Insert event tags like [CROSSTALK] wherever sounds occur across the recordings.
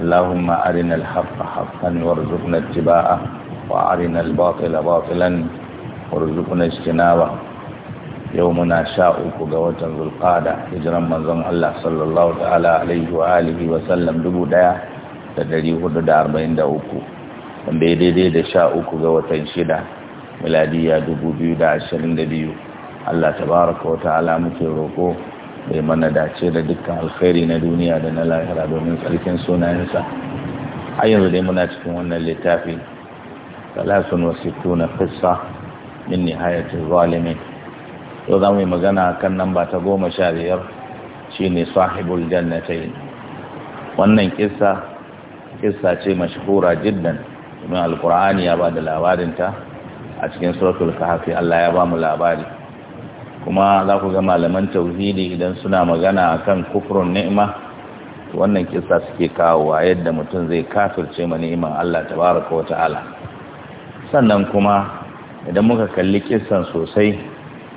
اللهم أرنا الحق حقا وارزقنا اتباعه وأرنا الباطل باطلا وارزقنا اجتنابه يومنا شاء قوة ذو القعدة هجرا من الله صلى الله تعالى عليه وآله وسلم دبو دايا تدري هدو دار بين دا uku wanda ya daidai da sha uku ga watan shida miladiya dubu biyu da ashirin da biyu Allah tabaraka wa ta'ala muke roko mai mana dace da dukkan alkhairi na duniya da na lahira domin tsarkin sunayensa har yanzu dai muna cikin wannan littafi talasun wasu tuna fissa min nihayatil zalimi yau za mu yi magana kan namba ta goma sha biyar shine sahibul jannatai wannan kissa kissa ce mashhura jiddan domin alkur'ani ya ba da labarinta a cikin suratul kahfi Allah ya ba mu labari kuma za ku ga malaman tauhidi idan suna magana akan kufrun ni'ima wannan kisa suke kawo a yadda mutum zai kafirce ma ni'iman Allah tabaraka wata'ala sannan kuma idan muka kalli kisan sosai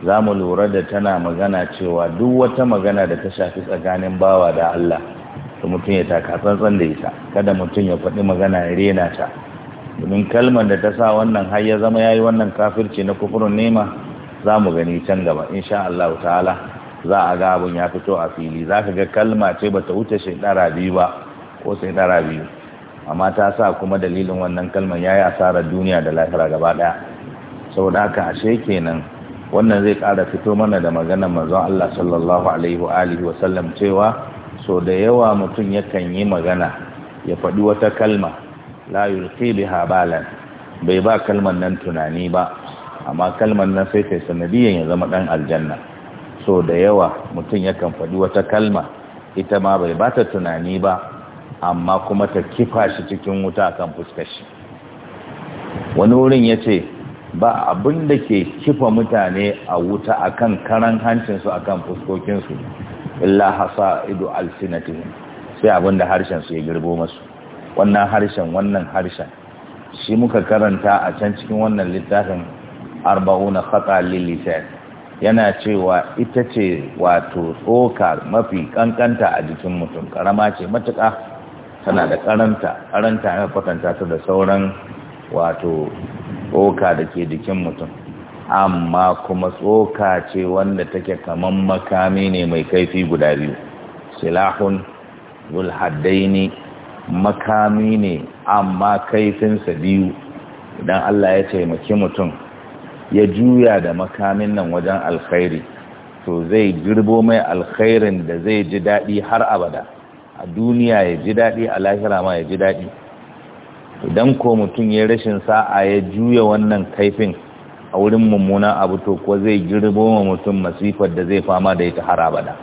za mu lura da tana magana cewa duk wata magana da ta shafi tsakanin bawa da Allah to mutum ya taka tsantsan da ita kada mutum ya faɗi magana ya rena ta domin kalmar da ta sa wannan har ya zama ya yi wannan kafirci na kufrun ni'ima za mu gani can gaba insha Allah ta'ala za a ga abin ya fito a fili za ka ga kalma ce bata wuce shekara biyu ba ko sai shekara biyu amma ta sa kuma dalilin wannan kalmar ya yi asarar duniya da lahira gaba ɗaya saboda haka ashe kenan wannan zai ƙara fito mana da maganar manzon Allah sallallahu alaihi wa alihi wa sallam cewa so da yawa mutum yakan yi magana ya faɗi wata kalma la yulqi biha balan bai ba kalman nan tunani ba amma kalmar nan sai ta sanadiyan ya zama dan aljanna so da yawa mutum ya kan faɗi wata kalma ita ma bai bata tunani ba amma kuma ta kifa shi cikin wuta kan fuskar shi wani wurin ya ce ba abin da ke kifa mutane a wuta akan karan hancinsu akan fuskokinsu illa hasa ido alfinatihim sai abin da harshen su ya girbo masu wannan harshen wannan harshen shi muka karanta a can cikin wannan littafin arba'una khata lilisan yana cewa ita ce wato tsoka mafi kankanta a jikin mutum karama ce matuka tana da karanta karanta na kwatanta ta da sauran wato tsoka da ke jikin mutum amma kuma tsoka ce wanda take kaman makami ne mai kaifi guda biyu silahun zulhaddaini makami ne amma kaifinsa biyu idan Allah ya taimaki mutum ya juya da makamin nan wajen alkhairi to zai girbo mai alkhairin da zai ji daɗi har abada a duniya ya ji daɗi a lahira ma ya ji daɗi idan ko mutum ya rashin sa'a ya juya wannan kaifin a wurin mummunan abu to ko zai girbo ma mutum masifar da zai fama da ita har abada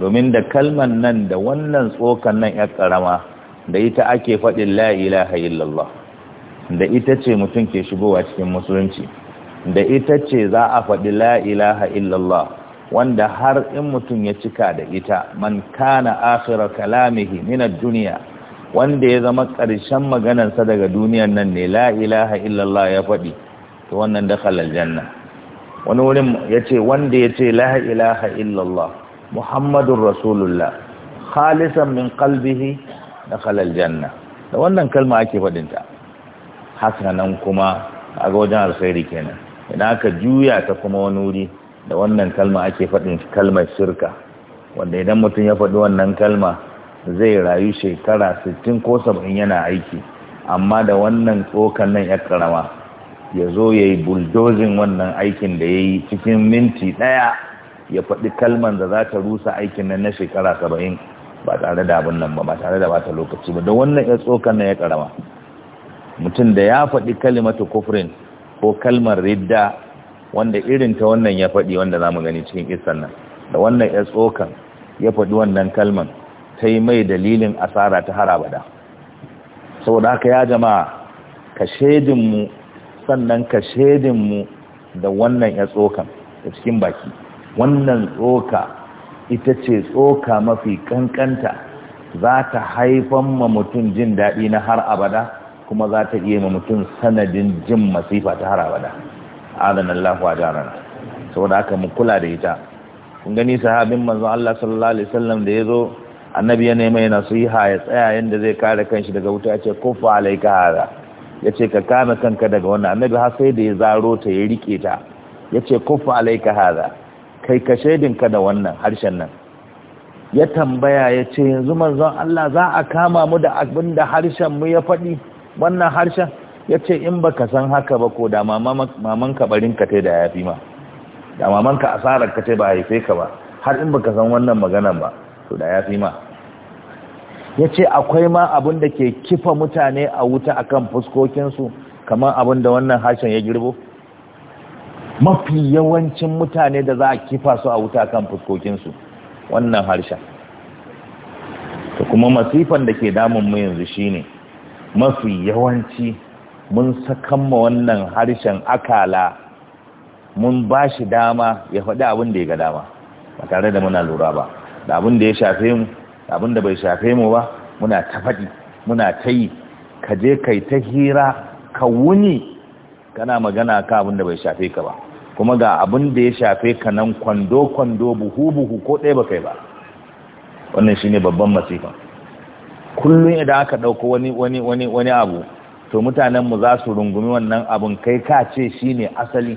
domin da kalman nan da wannan tsokan nan ya karama da ita ake faɗin la'ila ilaha illallah da ita ce mutum ke shigowa cikin musulunci da ita ce za a faɗi lailaha ilaha illallah wanda har in mutum ya cika da ita man kana akhira kalamihi min duniya wanda ya zama ƙarshen maganarsa daga duniyar nan ne la illallah ya faɗi to wannan dakhala aljanna wani wurin ya ce wanda yace la ilaha illallah muhammadun rasulullah khalisan min da dakhala aljanna da wannan kalma ake faɗinta haka kuma a ga wajen alkhairi kenan idan aka juya ta kuma wani wuri da wannan kalma ake faɗin kalmar shirka wanda idan mutum ya faɗi wannan kalma zai rayu shekara sittin ko saba'in yana aiki amma da wannan tsokan nan ya karama ya zo ya yi buldozin wannan aikin da ya yi cikin minti ɗaya ya faɗi kalman da za ta rusa aikin nan na shekara saba'in ba tare da abin nan ba ba tare da bata lokaci ba da wannan ya tsokan nan ya karama mutum da ya faɗi kalimatu kufrin ko kalmar ridda wanda irin ta wannan ya faɗi wanda za mu gani cikin isan nan da wannan ya tsokan ya faɗi wannan kalman ta yi mai dalilin asara ta harabada saboda haka ya jama'a ka sannan ka mu da wannan ya tsokan da cikin baki wannan tsoka ita ce tsoka mafi kankanta za ta haifan ma mutum jin daɗi na har abada kuma za ta iya ma mutum sanadin jin masifa ta har abada adana Allah wa jarana saboda aka mu kula da ita kun gani sahabin manzo Allah sallallahu alaihi wasallam da yazo annabi ya nemi nasiha ya tsaya yanda zai kare kanshi daga wuta yace kuffa alayka hada yace ka kame kanka daga wannan annabi har sai da ya zaro ta ya rike ta yace kuffa alayka hada kai ka shaidinka da wannan harshen nan ya tambaya yace yanzu manzon Allah za a kama mu da abinda harshen mu ya faɗi wannan harshen ya ce in ba ka san haka ba ko da maman ka barin ka da ya fi ma da maman ka asarar ka ce ba haife ka ba har in ba ka san wannan maganan ba to da ya fi ma ya ce akwai ma abin da ke kifa mutane a wuta akan fuskokinsu kamar abin da wannan harshen ya girbo mafi yawancin mutane da za a kifa su a wuta akan fuskokinsu wannan harshen Ta kuma masifan da ke damun mu yanzu shine ne mafi yawanci mun sakamma wannan harshen akala mun ba shi dama ya faɗi abin da ya ga dama ba tare da muna lura ba da abin da ya shafe mu da abin da bai shafe mu ba muna ta faɗi muna ta yi ka je kai ta hira ka wuni kana magana ka abin da bai shafe ka ba kuma ga abin da ya shafe ka nan kwando-kwando buhu-buhu ko ɗaya ba kai ba wannan shi ne babban masifa. kullum idan aka ɗauko wani wani wani wani abu to mutanenmu za su rungumi wannan abun kai ka ce shi ne asali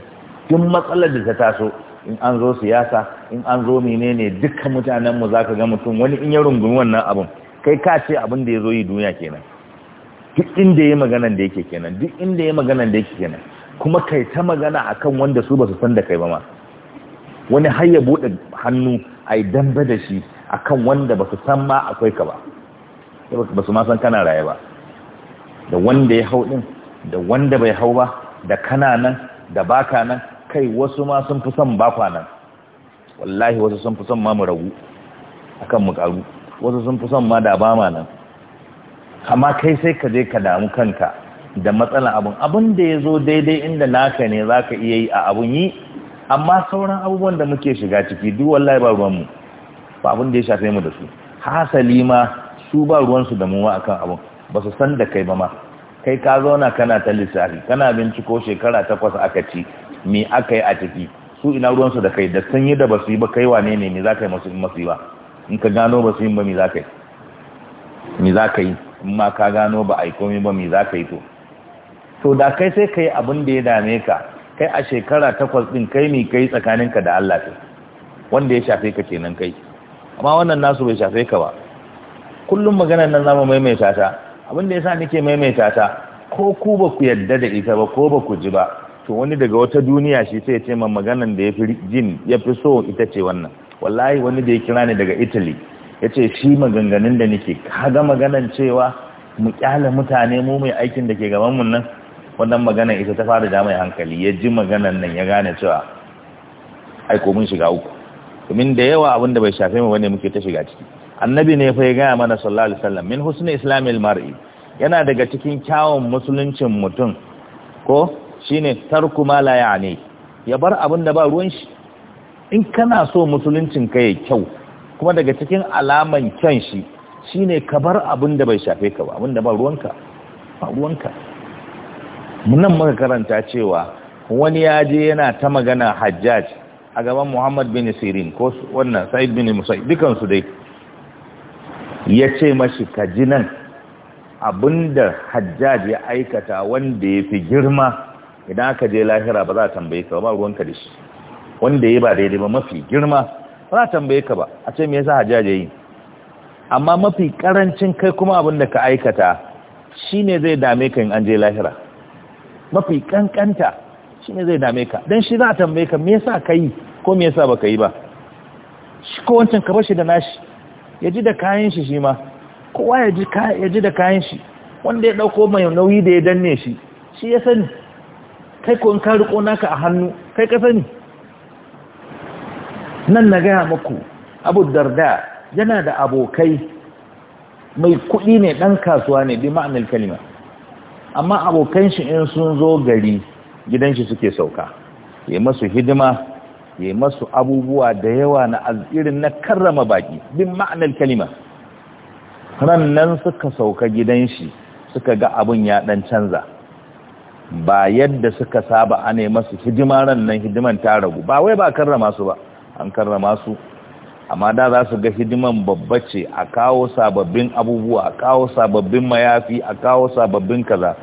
tun matsalar da ta taso in an zo siyasa in an zo menene dukkan mutanenmu za ka ga mutum wani in ya rungumi wannan abun kai ka ce abin da ya zo yi duniya kenan duk inda ya magana da yake kenan duk inda ya maganan da yake kenan kuma kai ta magana akan wanda su ba su san da kai ba ma wani har ya buɗe hannu a dambe da shi akan wanda ba su san ma akwai ka ba ba su ma kana raye ba da wanda ya hau din da wanda bai hau ba da kana nan da baka nan kai wasu ma sun fi son bakwa nan wallahi wasu sun fi son ma mu ragu akan mu karu wasu sun fi son ma da ba nan amma kai sai ka je ka damu kanka da matsala abun abun da ya zo daidai inda naka ne za ka iya yi a abun yi amma sauran abubuwan da muke shiga ciki duk wallahi ba ruwanmu ba abun da ya shafe mu da su hasali ma su ba ruwansu da muwa akan abun ba su san da kai ba ma kai ka zauna kana ta lissafi kana binciko shekara takwas aka ci me aka yi a ciki su ina ruwansu da kai da sun yi da ba su yi ba kai wane ne me za ka yi masu masu yi ba in ka gano ba su yi ba me za ka yi me za ka yi in ma ka gano ba a yi komai ba me za ka yi to to da kai sai ka yi abin da ya dame ka kai a shekara takwas din kai ne kai tsakaninka da Allah ce wanda ya shafe ka kenan kai amma wannan nasu bai shafe ka ba kullum maganar nan zama maimaita ta abin da yasa nake maimaita ta ko ku ba ku yadda da ita ba ko ba ku ji ba to wani daga wata duniya shi sai ya ce man maganar da yafi jin yafi so ita ce wannan wallahi wani da ya kira ni daga Italy ya ce shi maganganun da nake kaga maganar cewa mu kyale mutane mu mai aikin da ke gaban mu nan wannan maganar ita ta fara da hankali ya ji maganar nan ya gane cewa ai ko mun shiga uku domin da yawa abin da bai shafe mu bane muke ta shiga ciki annabi ne fa ya gaya mana sallallahu alaihi wasallam min husni islamil mar'i yana daga cikin kyawun musuluncin mutum ko shine tarku ma la ya'ni ya bar abin da ba ruwan shi in kana so musuluncin ka yayi kyau kuma daga cikin alaman kyan shi shine ka bar abin da bai shafe ka ba abin da ba ruwanka ba ruwanka nan muka karanta cewa wani ya je yana ta magana Hajjaj a gaban Muhammad bin Sirin ko wannan Sa'id bin Musayyib dukansu dai ya ce mashi ka ji nan abinda hajjaj ya aikata wanda ya fi girma idan aka je lahira ba za a tambaye ka ba ruwanka da shi wanda ya ba daidai ba mafi girma ba za a tambaye ka ba a ce me yasa hajjaj ya yi amma mafi karancin kai kuma abinda ka aikata shine zai dame ka in an je lahira mafi kankanta shine zai dame ka dan shi za a tambaye ka me yasa ka yi ko me yasa baka yi ba shi ko wancan ka bashi da nashi ya ji da kayan shi shi ma kowa ya ji da kayan shi wanda ya ɗauko mai nauyi da ya danne shi shi ya sani kai ko in ka riko naka a hannu kai ka sani nan na gaya maku, abu darda yana da abokai mai kuɗi ne ɗan kasuwa ne bi ma'anar kalima amma abokan shi in sun zo gari gidan shi suke sauka ya masu hidima ya masu abubuwa da yawa na irin na karrama baki bin ma'anar kalima rannan suka sauka gidan shi suka ga abin ya dan canza ba yadda suka saba ana masu hidima rannan hidiman ta ragu ba wai ba karrama su ba an karrama su amma da za su ga hidiman babba ce a kawo sababbin abubuwa a kawo sababbin mayafi a kawo sababbin kaza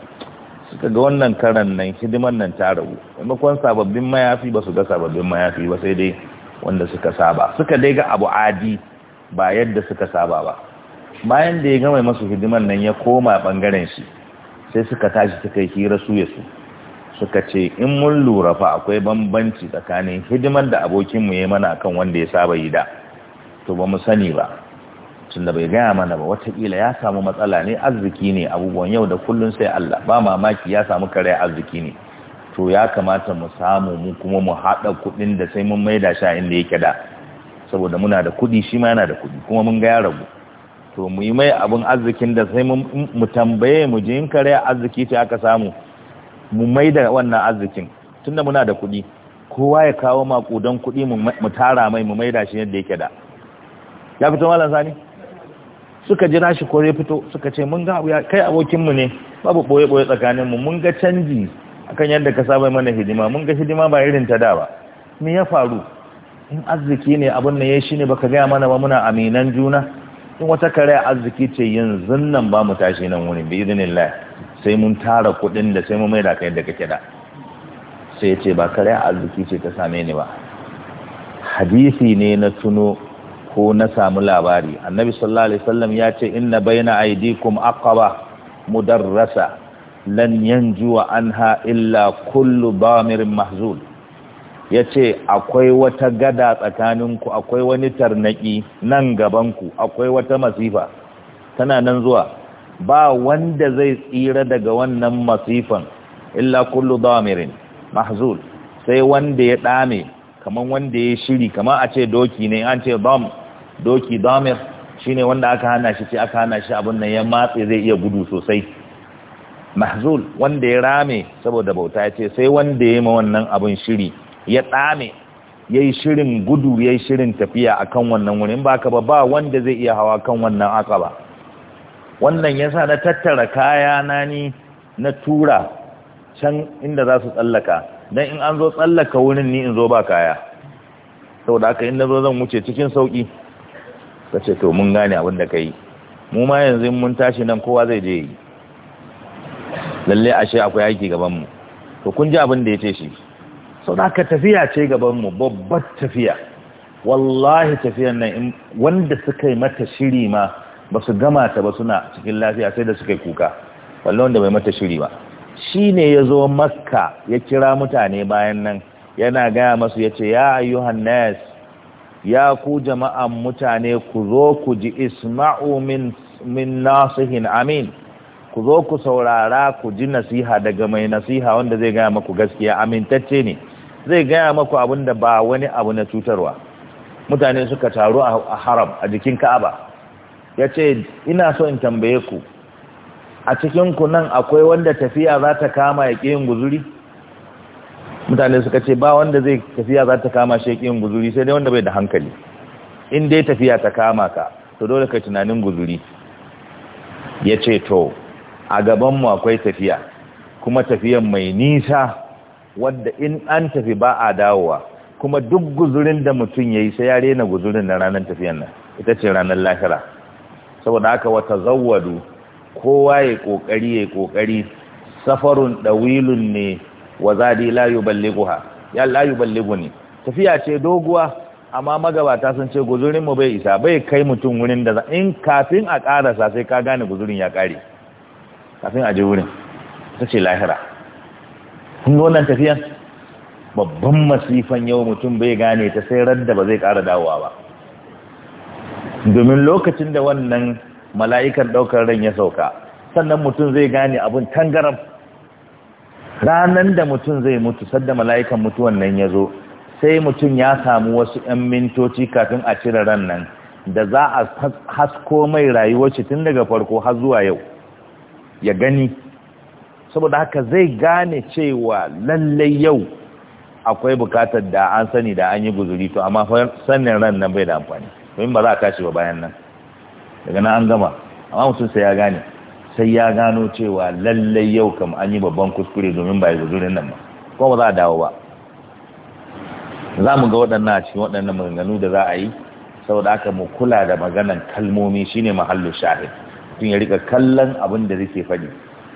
suka ga wannan karan nan hidiman nan ta rabu maimakon sababbin mayafi ba su ga sababbin mayafi ba sai dai wanda suka saba suka dai ga abu adi ba yadda suka saba ba bayan da ya gama masu hidiman nan ya koma bangaren shi sai suka tashi suka yi hira su ya su suka ce in mun lura fa akwai bambanci tsakanin hidiman da abokinmu ya mana kan wanda ya saba yi da to ba mu sani ba tunda bai gaya mana ba watakila ya samu matsala ne arziki ne abubuwan yau da kullun sai Allah ba mamaki ya samu kare arziki ne to ya kamata mu samu mu kuma mu haɗa kuɗin da sai mun maida shi inda yake da saboda muna da kuɗi shi ma yana da kuɗi kuma mun ga ya ragu to mu yi mai abin arzikin da sai mu tambaye mu ji in kare arziki ce aka samu mu maida wannan arzikin tunda muna da kuɗi kowa ya kawo maƙudan kuɗi mu tara mai mu maida shi yadda yake da ya fito malam sani suka jira shi kore fito suka ce mun ga ya kai mu ne babu ɓoye tsakanin mu mun ga canji akan yadda ka saba mana hidima mun ga hidima ba irin ta da ba me ya faru in arziki ne abin da ya shine ne baka gaya mana ba muna aminan juna in wata kare arziki ce yanzu nan ba mu tashi nan wurin bi idinillah sai mun tara kuɗin da sai mun mai da kai da kake da sai ya ce ba kare arziki ce ta same ni ba hadisi ne na tuno ko na samu labari annabi sallallahu alaihi wasallam ya ce inna baina aidikum aqaba mudarrasa lan yanjuwa anha illa kullu bamirin mahzul ce akwai wata gada tsakanin ku akwai wani tarnaki nan gabanku akwai wata masifa tana nan zuwa ba wanda zai tsira daga wannan masifan illa kullu damirin mahzul sai wanda ya dame kaman wanda ya shiri kaman a ce doki ne an ce bam. doki damir shine wanda aka hana shi ce aka hana shi abin nan ya matse zai iya gudu sosai mahzul wanda ya rame saboda bauta ya ce sai wanda ya ma wannan abin shiri ya tsame ya yi shirin gudu ya yi shirin tafiya a kan wannan wurin ba ka ba ba wanda zai iya hawa kan wannan ba wannan ya sa na tattara kaya na ni na tura can inda za su tsallaka don in an zo tsallaka wurin ni in zo ba kaya sau da aka inda zo zan wuce cikin sauki. ka ce to mun gane abin da ka yi mu ma yanzu mun tashi nan kowa zai je yi lalle ashe akwai aiki mu. to kun ji abin da ya ce shi sau da ka tafiya ce gaban mu babbar tafiya wallahi tafiyan nan wanda suka yi mata shiri ma ba su gama ta ba suna cikin lafiya sai da suka yi kuka wallo wanda bai mata shiri ba shi ne ya zo makka ya kira mutane bayan nan yana gaya masu ya ce ya ayyuhan ya ku jama'an mutane ku zo ku ji isma'u min min nasihin amin ku zo ku saurara ku ji nasiha daga mai nasiha wanda zai gaya maku gaskiya amintacce ne zai gaya maku abin da ba wani abu na cutarwa mutane suka taru a haram a jikin ka'aba ya ce ina so in tambaye ku a cikinku nan akwai wanda tafiya za ta kama ya yin guzuri mutane suka ce ba wanda zai tafiya za ta kama shi yin guzuri sai dai wanda bai da hankali in dai tafiya ta kama ka to dole ka tunanin guzuri ya ce to a gabanmu akwai tafiya kuma tafiyan mai nisa wadda in an tafi ba a dawowa kuma duk guzurin da mutum ya yi sai ya rena guzurin na ranar tafiyan nan ita ce ranar lahira saboda haka wata zawadu kowa ya kokari ya kokari safarun ɗawilun ne wa zadi la yuballighuha ya la yuballighuni tafiya ce doguwa amma magabata sun ce guzurin mu bai isa bai kai mutum wurin da in kafin a karasa sai ka gane guzurin ya kare kafin a je wurin ta lahira kun wannan tafiyan babban masifan yau mutum bai gane ta sai radda ba zai kara dawowa ba domin lokacin da wannan mala'ikan daukar ran ya sauka sannan mutum zai gane abin tangaram ranan da mutum zai mutu sadda mala'ikan mutuwan nan ya zo sai mutum ya samu wasu 'yan mintoci kafin a cire ran nan da za a hasko mai rayuwar ce tun daga farko har zuwa yau ya gani saboda haka zai gane cewa lallai yau akwai bukatar da an sani da an yi guzuri to amma sannin ran nan bai da amfani domin ba za a tashi ba bayan nan daga nan an gama amma mutum sai ya gane sai ya gano cewa lallai yau kam an yi babban kuskure domin ba ya zuri nan ba ko ba za a dawo ba za mu ga waɗannan a cikin waɗannan maganganu da za a yi saboda aka mu kula da maganan kalmomi shine mahallu shahid tun ya rika kallon abin da zai faɗi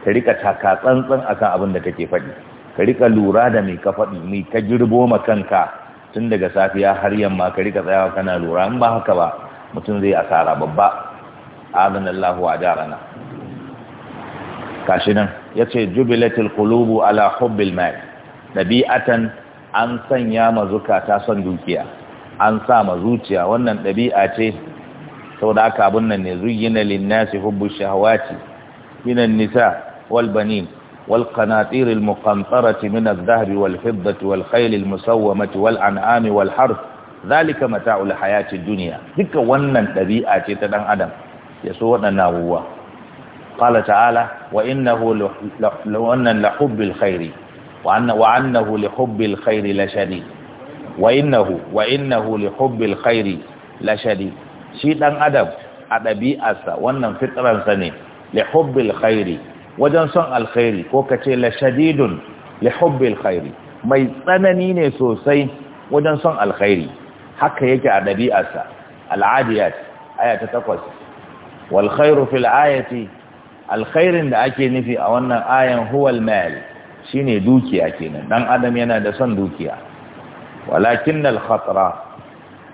ka rika taka tsantsan akan abin da kake faɗi ka rika lura da mai ka faɗi mai ka girbo ma kanka tun daga safiya har yamma ka rika tsayawa kana lura in ba haka ba mutum zai asara babba adana Allahu ajarana kashi nan ya ce jubilatil qulubu ala hubbil mal dabi'atan an sanya ma zukata son dukiya an sa ma zuciya wannan dabi'a ce saboda haka abun nan ne zuyyina lin-nasi hubbu shahawati minan nisa wal banin wal qanatir al muqantarati min adh-dhahab wal fiddati wal khayl al musawwamati wal an'ami wal harth zalika mata'ul hayati dunya duka wannan dabi'a ce ta dan adam ya so waɗannan abubuwa قال تعالى وإنه لحب الخير وأنه لحب الخير لشديد وإنه وإنه لحب الخير لشديد shi ɗan adam a ɗabi'arsa wannan fitransa ne lihubbil khairi wajen son alkhairi ko kace ce la shadidun mai tsanani ne sosai wajen son alkhairi haka yake a ɗabi'arsa al'adiyat aya ta takwas wal khairu fil ayati alkhairin da ake nufi a wannan ayan huwal mal shine dukiya kenan dan adam yana da son dukiya walakin al khatra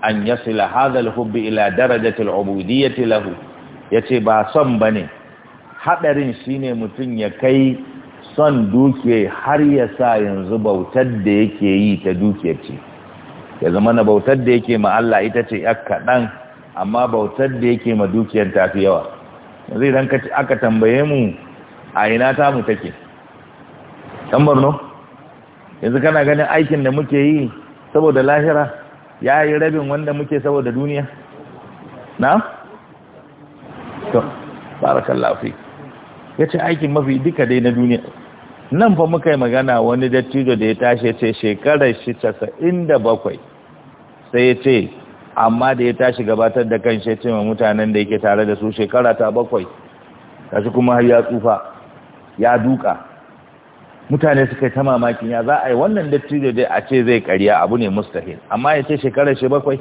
an yasila hadha al hubb ila darajati al ubudiyyati lahu yace ba son bane hadarin shine mutun ya kai son dukiya har ya sa yanzu bautar da yake yi ta dukiya ce ya zama na bautar da yake ma Allah ita ce yak kaɗan, amma bautar da yake ma dukiyar ta fi yawa yanzu idan aka tambaye mu a ina ta mu take ɗan barno yanzu kana ganin aikin da muke yi saboda lahira ya yi rabin wanda muke saboda duniya na? to barakan lafi ya ce aikin mafi duka dai na duniya nan fa muka yi magana wani dattijo da ya tashi ce shekarar shi casa'in da bakwai sai ya ce amma da ya tashi gabatar da kan shi cewa mutanen da yake tare da su shekara ta bakwai shi kuma har ya tsufa ya duka mutane suka yi ta mamakin ya za a yi wannan dattijo dai a ce zai karya abu ne mustahil amma ya ce shekarar shi bakwai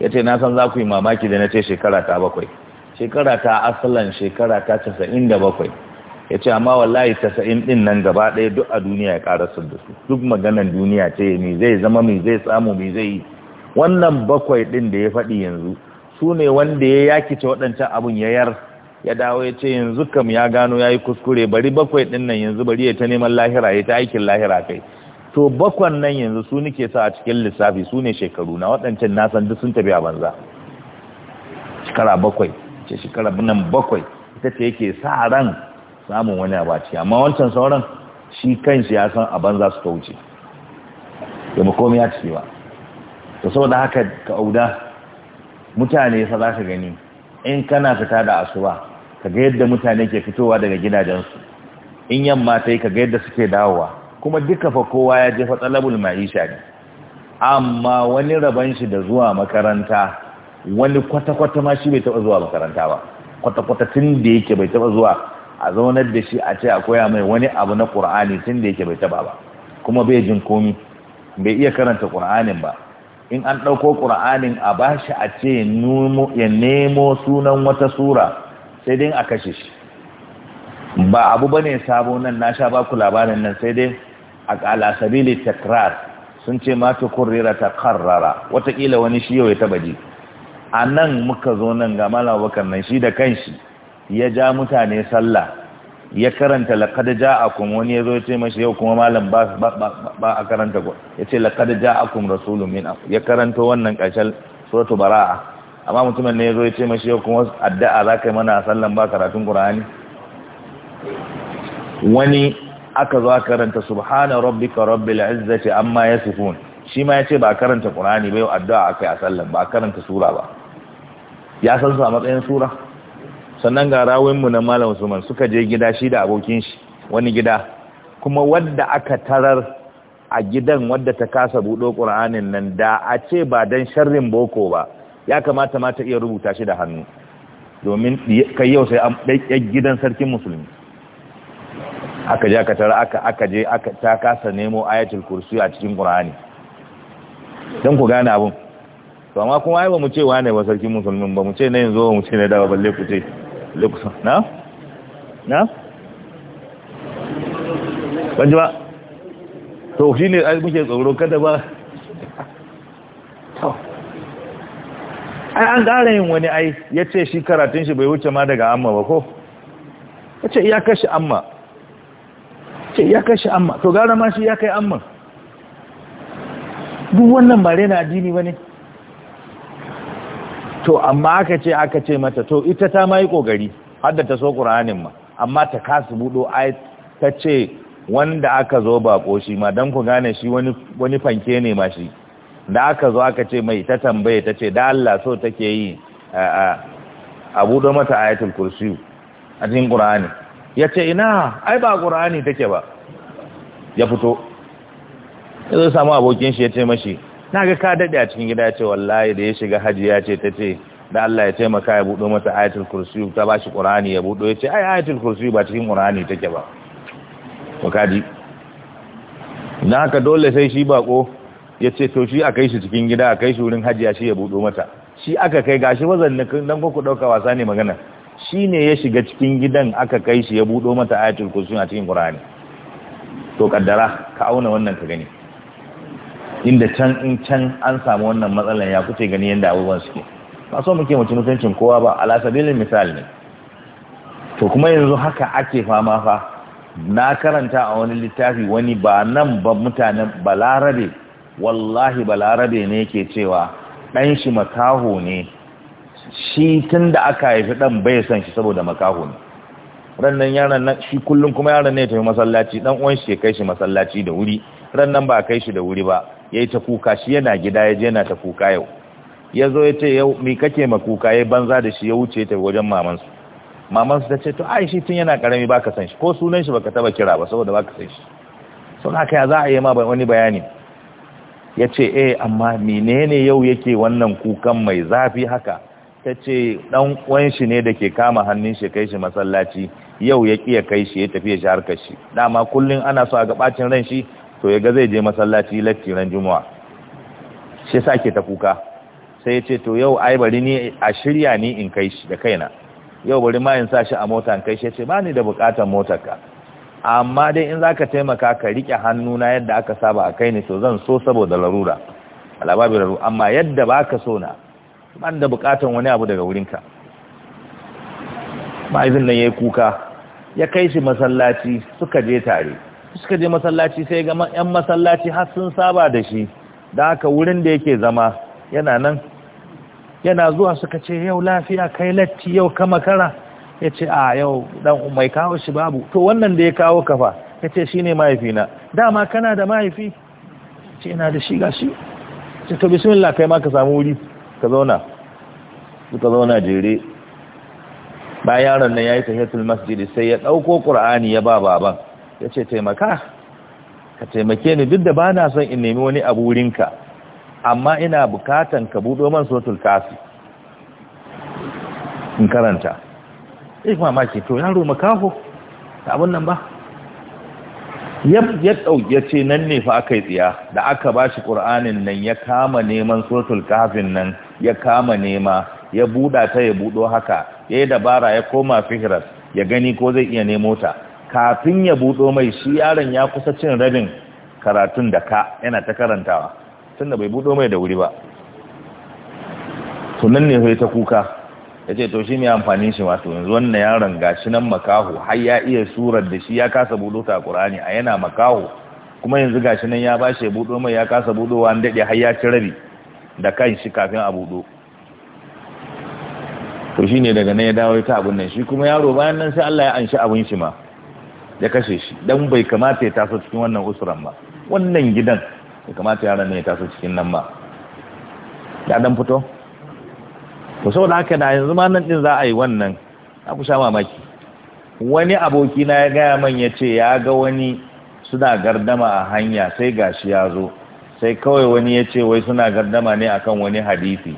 ya ce na san za ku yi mamaki da na ce shekara ta bakwai shekara ta asalan shekara ta casa'in da bakwai ya ce amma wallahi casa'in ɗin nan gaba ɗaya duk a duniya ya ƙarasar da su duk maganan duniya ce mai zai zama mai zai samu mai zai yi wannan bakwai ɗin da ya faɗi yanzu su ne wanda ya yakice waɗancan abun ya yar ya dawo ya ce yanzu kam ya gano ya yi kuskure bari bakwai ɗin nan yanzu bari ya ta neman lahira ya ta aikin lahira kai to bakwan nan yanzu su nike sa a cikin lissafi su ne shekaru na waɗancan nasan duk sun tafi a banza shekara bakwai ce shekara nan bakwai ita ce yake sa ran samun wani abaci amma wancan sauran shi kanshi ya san a banza ta wuce da komai ya ciki ba to saboda haka ka auda mutane sa za ka gani in kana fita da asuwa ka ga yadda mutane ke fitowa daga gidajensu in yamma ta yi ka ga yadda suke dawowa kuma duka fa kowa ya jefa tsalabul ma'isha ne amma wani raban shi da zuwa makaranta wani kwata-kwata ma shi bai taɓa zuwa makaranta ba kwata-kwata tun da yake bai taɓa zuwa a zaunar da shi a ce a koya mai wani abu na ƙur'ani tun da yake bai taɓa ba kuma bai jin komi bai iya karanta ƙur'anin ba in an ɗauko ƙura'anin a bashi a ce ya nemo sunan wata sura sai dai a kashe shi ba abu ba ne sabo nan na sha baku labarin nan sai dai a ƙala sabili takrar sun ce ma ta kurrera ta karrara watakila wani shi yau ya taba ji a nan muka zo nan ga malam nan shi da kanshi ya ja mutane sallah ya karanta laqad ja'akum wani yazo ya ce mashi yau kuma malam ba ba a karanta ko yace laqad ja'akum rasulun min ya karanta wannan karshen suratu bara'a amma mutumin ne yazo ya ce mashi yau kuma addu'a zakai mana sallan ba karatun qur'ani wani aka zo karanta subhana rabbika rabbil izzati amma yasifun shi ma yace ba karanta qur'ani ba yau addu'a akai a sallan ba karanta sura ba ya san su a matsayin sura sannan ga rawinmu na malam usman suka je gida shi da abokin shi wani gida kuma wadda aka tarar a gidan wadda ta kasa buɗo Qur'anin nan da a ce ba don sharrin boko ba ya kamata ma ta iya rubuta shi da hannu domin kai yau sai an gidan sarkin musulmi aka je aka tarar aka aka je aka ta kasa nemo ayatul kursi a cikin qur'ani dan ku gane abun to amma kuma ai ba mu ce wane ba sarkin musulmin ba mu ce na yanzu ba mu ce na ba balle ku ce alaikum na na ban ba to shi ne ai muke tsoro kada ba ai an ƙara yin wani ai ya ce shi karatun shi bai wuce ma daga amma ba ko ya ce ya kashe amma ce ya kashe amma to gara ma shi ya kai amma duk wannan ba rena addini ba ne to amma aka ce aka ce mata to ita ta ma yi har da ta so ƙuranin ma amma ta kasu buɗo ai ta ce wanda aka zo baƙo shi ma don ku gane shi wani fanke ne ma shi da aka zo aka ce mai ta tambaye ta ce da Allah so take yi a buɗo mata ayatul kursi a cikin ƙur'ani ya ce ina ai ba ƙur'ani take ba ya fito ya zo samu abokin shi ya ce mashi na ga ka daɗe a cikin gida ce wallahi da ya shiga hajji ya ce ta ce da Allah ya taimaka ya buɗo mata ayatul kursi ta ba shi ƙurani ya buɗo ya ce ai ayatul kursi ba cikin ƙurani take ba to na haka dole sai shi bako ya ce to shi a kai shi cikin gida a kai shi wurin hajiya shi ya buɗo mata shi aka kai gashi wazannin dan ku ɗauka wasa ne magana shi ne ya shiga cikin gidan aka kai shi ya buɗo mata ayatul kursi a cikin ƙurani to kaddara ka auna wannan ka gani inda can in can an samu wannan matsalan ya kuce gani yadda abubuwan suke ba so muke mutum mutuncin kowa ba alasabilin misali ne to kuma yanzu haka ake fama fa na karanta a wani littafi wani ba nan ba mutanen balarabe wallahi balarabe ne ke cewa ɗan shi makaho ne shi tun da aka haifi ɗan bai son shi saboda makaho ne rannan yaran nan shi kullum kuma yaran ne ya tafi masallaci ɗan uwan shi kai shi masallaci da wuri rannan ba kai shi da wuri ba ya yi ta kuka shi yana gida ya je yana ta kuka yau ya zo ya ce yau mi kake ma kuka ya banza da shi ya wuce ta wajen mamansu mamansu ta ce to ai shi tun yana karami baka san shi ko sunan shi baka taba kira ba saboda baka san shi sau haka ya za a yi ma wani bayani ya ce eh amma menene yau yake wannan kukan mai zafi haka ta ce dan uwan shi ne da ke kama hannun shi kai shi masallaci yau ya kiya kai shi ya tafi ya shi harkar shi dama kullum ana so a gabacin ran shi to ya ga zai je masallaci latti ran juma'a shi yasa ke ta kuka sai ya ce to yau ai bari ni a shirya ni in kai shi da kaina yau bari ma in sa shi a mota in kai shi ya ce ba ni da bukatar motar ka amma dai in zaka taimaka ka rike hannu na yadda aka saba a kai ni to zan so saboda larura alababi larura amma yadda baka so na ban da bukatar wani abu daga wurinka ma'aifin nan yayi kuka ya kai shi masallaci suka je tare suka je masallaci sai ga ƴan masallaci har sun saba da shi da haka wurin da yake zama yana nan yana zuwa suka ce yau lafiya kai latti yau ka makara ya ce a yau dan mai kawo shi babu to wannan da ya kawo kafa ya ce shi ne mahaifina dama kana da mahaifi ce yana da shi gashi ce to bismillah kai ma ka samu wuri ka zauna ka zauna jere ba yaron nan ya yi tahiyatul masjid sai ya ɗauko ƙur'ani ya ba baban ya ce taimaka ka taimake ni duk da ba na son in nemi wani abu wurinka amma ina bukatan ka buɗo man sotul kafi in karanta ik mamaki to yaro makaho abun nan ba ya ɗauke ce nan ne fa aka yi tsiya da aka ba shi ƙur'anin nan ya kama neman sotul kafin nan ya kama nema ya buɗa ta ya buɗo haka ya yi dabara ya koma fihiras ya gani ko zai iya nemo ta kafin ya buɗo mai shi yaron ya kusa cin rabin karatun da ka yana ta karantawa tun da bai buɗo mai da wuri ba tunan ne sai ta kuka ya ce to shi ne amfani shi wato yanzu wannan yaron shi nan makaho har ya iya surar da shi ya kasa buɗo ta ƙurani a yana makaho kuma yanzu ga shi nan ya ba shi buɗo mai ya kasa buɗowa an daɗe har ya ci rabi da kan shi kafin a buɗo to shi ne daga nan ya dawo ta abin nan shi kuma yaro bayan nan sai Allah ya anshi abin shi ma ya kashe shi dan bai kamata ya taso cikin wannan usuran ba wannan gidan ya kamata yaran ne ya taso cikin nan ba ya dan fito to saboda haka da yanzu ma nan din za a yi wannan a ku sha mamaki wani aboki na ya gaya man ya ce ya ga wani suna gardama a hanya sai gashi ya zo sai kawai wani ya ce wai suna gardama ne akan wani hadisi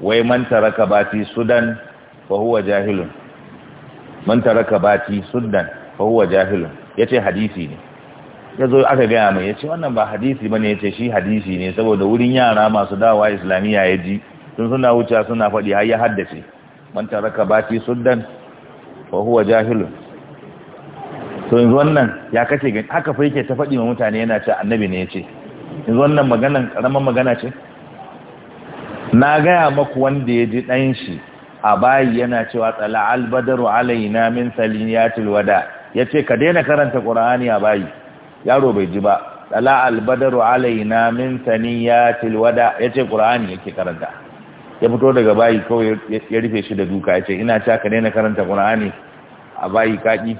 wai man taraka bati sudan fa huwa jahilun man taraka bati sudan fa huwa jahilun yace hadisi ne ya zo aka gaya mai yace wannan ba hadisi bane yace shi hadisi ne saboda wurin yara masu dawa islamiyya ya ji tun suna wuce suna faɗi har ya haddace man taraka bati suddan fa huwa jahilun to yanzu wannan ya kace gani haka fa yake ta faɗi ma mutane yana ce annabi ne yace yanzu wannan maganan karaman magana ce na gaya maku wanda ya ji ɗan shi a bayi yana cewa tsala albadaru alaina min saliyatil wada ya ce ka daina karanta ƙura'ani a bayi yaro bai ji ba ɗala albadaru alaina min saniyatil wada ya ce ƙura'ani yake karanta ya fito daga bayi kawai ya rufe shi da duka ya ce ina ca ka daina karanta ƙura'ani a bayi kaƙi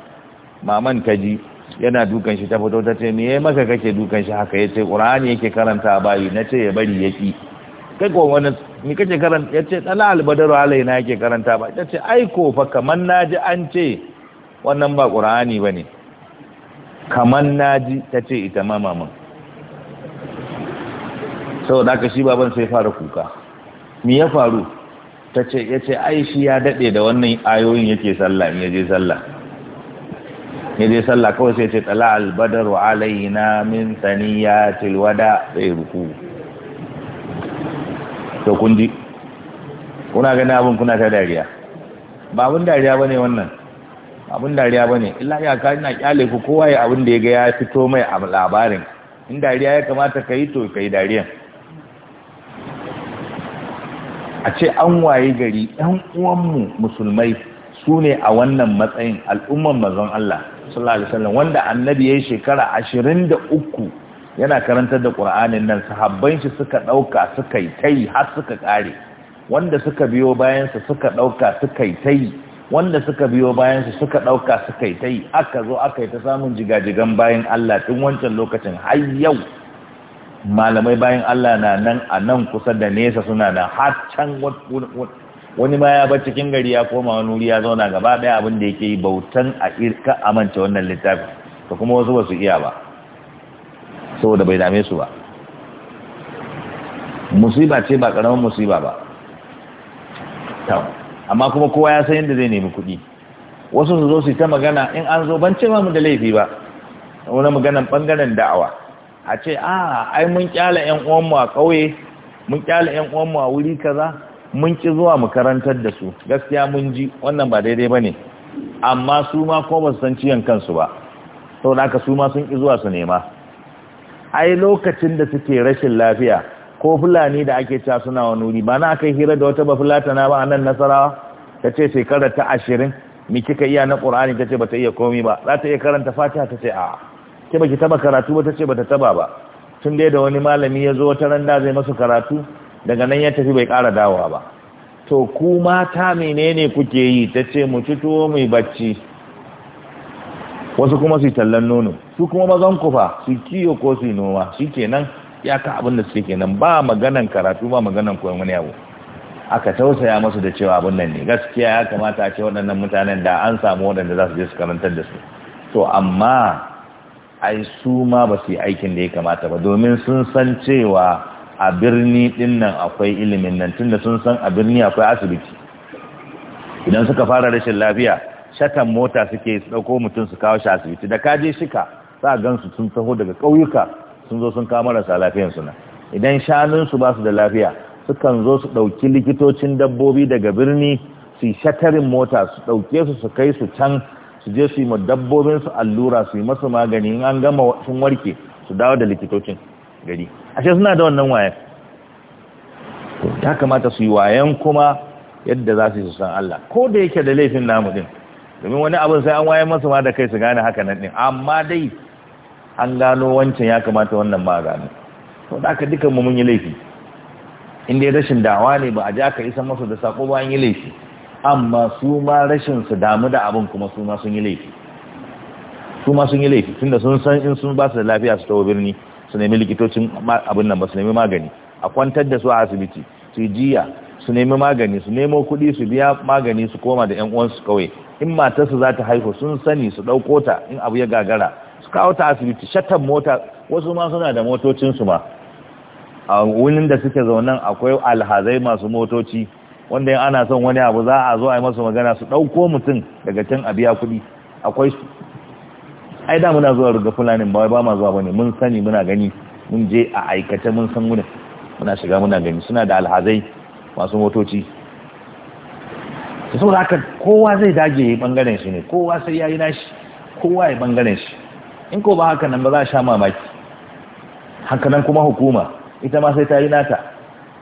maman ta ji yana dukan shi ta fito ta ce me maka kake dukan shi haka ya ce ƙura'ani yake karanta a bayi na ce ya bari ya ƙi kai ko wani ni kake karanta ya ce ɗala albadaru alaina yake karanta ba ya ce aiko fa kamar na ji an ce wannan ba ƙura'ani ba ne kamar naji ta ce ita mamamin da aka shi baban sai fara kuka me ya faru ta ce ya ce ai shi ya daɗe da wannan ayoyin yake sallah in ya je sallah ya je sallah kawai sai ce tsala albadar wa alayina min saniya tilwada sai ruku to kun ji kuna gani abin kuna ta dariya ba abin dariya ba ne wannan abin dariya ba ne illa iyaka ina kyale ku kowa ya abin da ya ga ya fito mai a labarin in dariya ya kamata ka yi to ka yi dariyan a ce an waye gari ɗan uwanmu musulmai su ne a wannan matsayin al'umman mazan Allah sallallahu alaihi wasallam wanda annabi yayi shekara ashirin da uku yana karantar da Qur'anin nan sahabban shi suka ɗauka suka yi tai har suka ƙare wanda suka biyo bayansa suka ɗauka suka yi tai wanda suka biyo bayan su suka ɗauka suka yi ta yi aka zo aka yi ta samun jigajigan bayan Allah tun wancan lokacin har yau malamai bayan Allah na nan a nan kusa da nesa suna nan har can wani ma ya bar cikin gari ya koma wani wuri ya zauna gaba daya abin da yake yi bautan a irka amince wannan littafi to kuma wasu ba iya ba saboda bai dame su ba musiba ce ba ƙaramin musiba ba amma kuma kowa ya san yadda zai nemi kuɗi wasu su zo su ta magana in an zo ban ce mu da laifi ba wani maganan bangaren da'awa a ce a ai mun kyala yan mu a ƙauye mun kyala yan uwanmu a wuri kaza mun ki zuwa mu karantar da su gaskiya mun ji wannan ba daidai ba ne. amma su ma ko ba su san ciyan kansu ba saboda haka su ma sun ki zuwa su nema ai lokacin da suke rashin lafiya ko fulani da ake cewa suna wani wuri ba na kai hira da wata ba na ba a nan nasarawa ta ce shekarar ta ashirin mi kika iya na ƙur'ani ta ce ba ta iya komi ba za ta iya karanta fatiha ta ce a ke ba ki taba karatu ba ta ce ba ta taba ba tun dai da wani malami ya zo wata randa zai masu karatu daga nan ya tafi bai ƙara dawowa ba to ku mata menene kuke yi ta ce mu fito mai bacci wasu kuma su tallan nono su kuma mazan kufa su kiyo ko su noma shi kenan iyaka abin da suke kenan ba maganan karatu ba maganan koyon wani abu aka tausaya masu da cewa abin nan ne gaskiya ya kamata a ce waɗannan mutanen da an samu waɗanda za su je su karantar da su to amma ai su ma ba su yi aikin da ya kamata ba domin sun san cewa a birni ɗin nan akwai ilimin nan tunda sun san a birni akwai asibiti idan suka fara rashin lafiya shatan mota suke su ɗauko mutum su kawo shi asibiti da ka je shika za a gan su sun taho daga ƙauyuka sun zo sun kama rasa lafiyan suna idan shanunsu ba su da lafiya sukan zo su ɗauki likitocin dabbobi daga birni su shatarin mota su ɗauke su su kai su can su je su yi ma dabbobin su allura su yi masu magani in an gama sun warke su dawo da likitocin gari ashe suna da wannan wayan ya kamata su yi wayan kuma yadda za su yi su san Allah ko da yake da laifin namu din domin wani abin sai an wayan masu ma da kai su gane haka nan din amma dai an gano wancan ya kamata wannan ma gano to da aka dukan mu mun yi laifi in dai rashin dawa ne ba a ji aka isa masu da sako ba an yi laifi amma su ma rashin su damu da abin kuma su ma sun yi laifi su ma sun yi laifi tunda sun san in sun ba su da lafiya su tawo birni su nemi likitocin abin nan ba su nemi magani a kwantar da su a asibiti su yi jiya su nemi magani su nemo kuɗi su biya magani su koma da 'yan uwansu kawai in matarsu za ta haihu sun sani su ɗauko ta in abu ya gagara kawo ta asibiti shatan mota wasu ma suna da motocinsu ma a wunin da suke zaunan akwai alhazai masu motoci wanda yin ana son wani abu za a zo a yi masu magana su ɗauko mutum daga can a biya kuɗi akwai su ai da muna zuwa riga fulanin ba ba ma zuwa ne mun sani muna gani mun je a aikace mun san wurin muna shiga muna gani suna da alhazai masu motoci su saboda haka kowa zai dage ya yi ɓangaren shi ne kowa sai ya yi nashi kowa ya ɓangaren shi in ko ba hakan nan ba za a sha mamaki haka nan kuma hukuma ita ma sai ta yi nata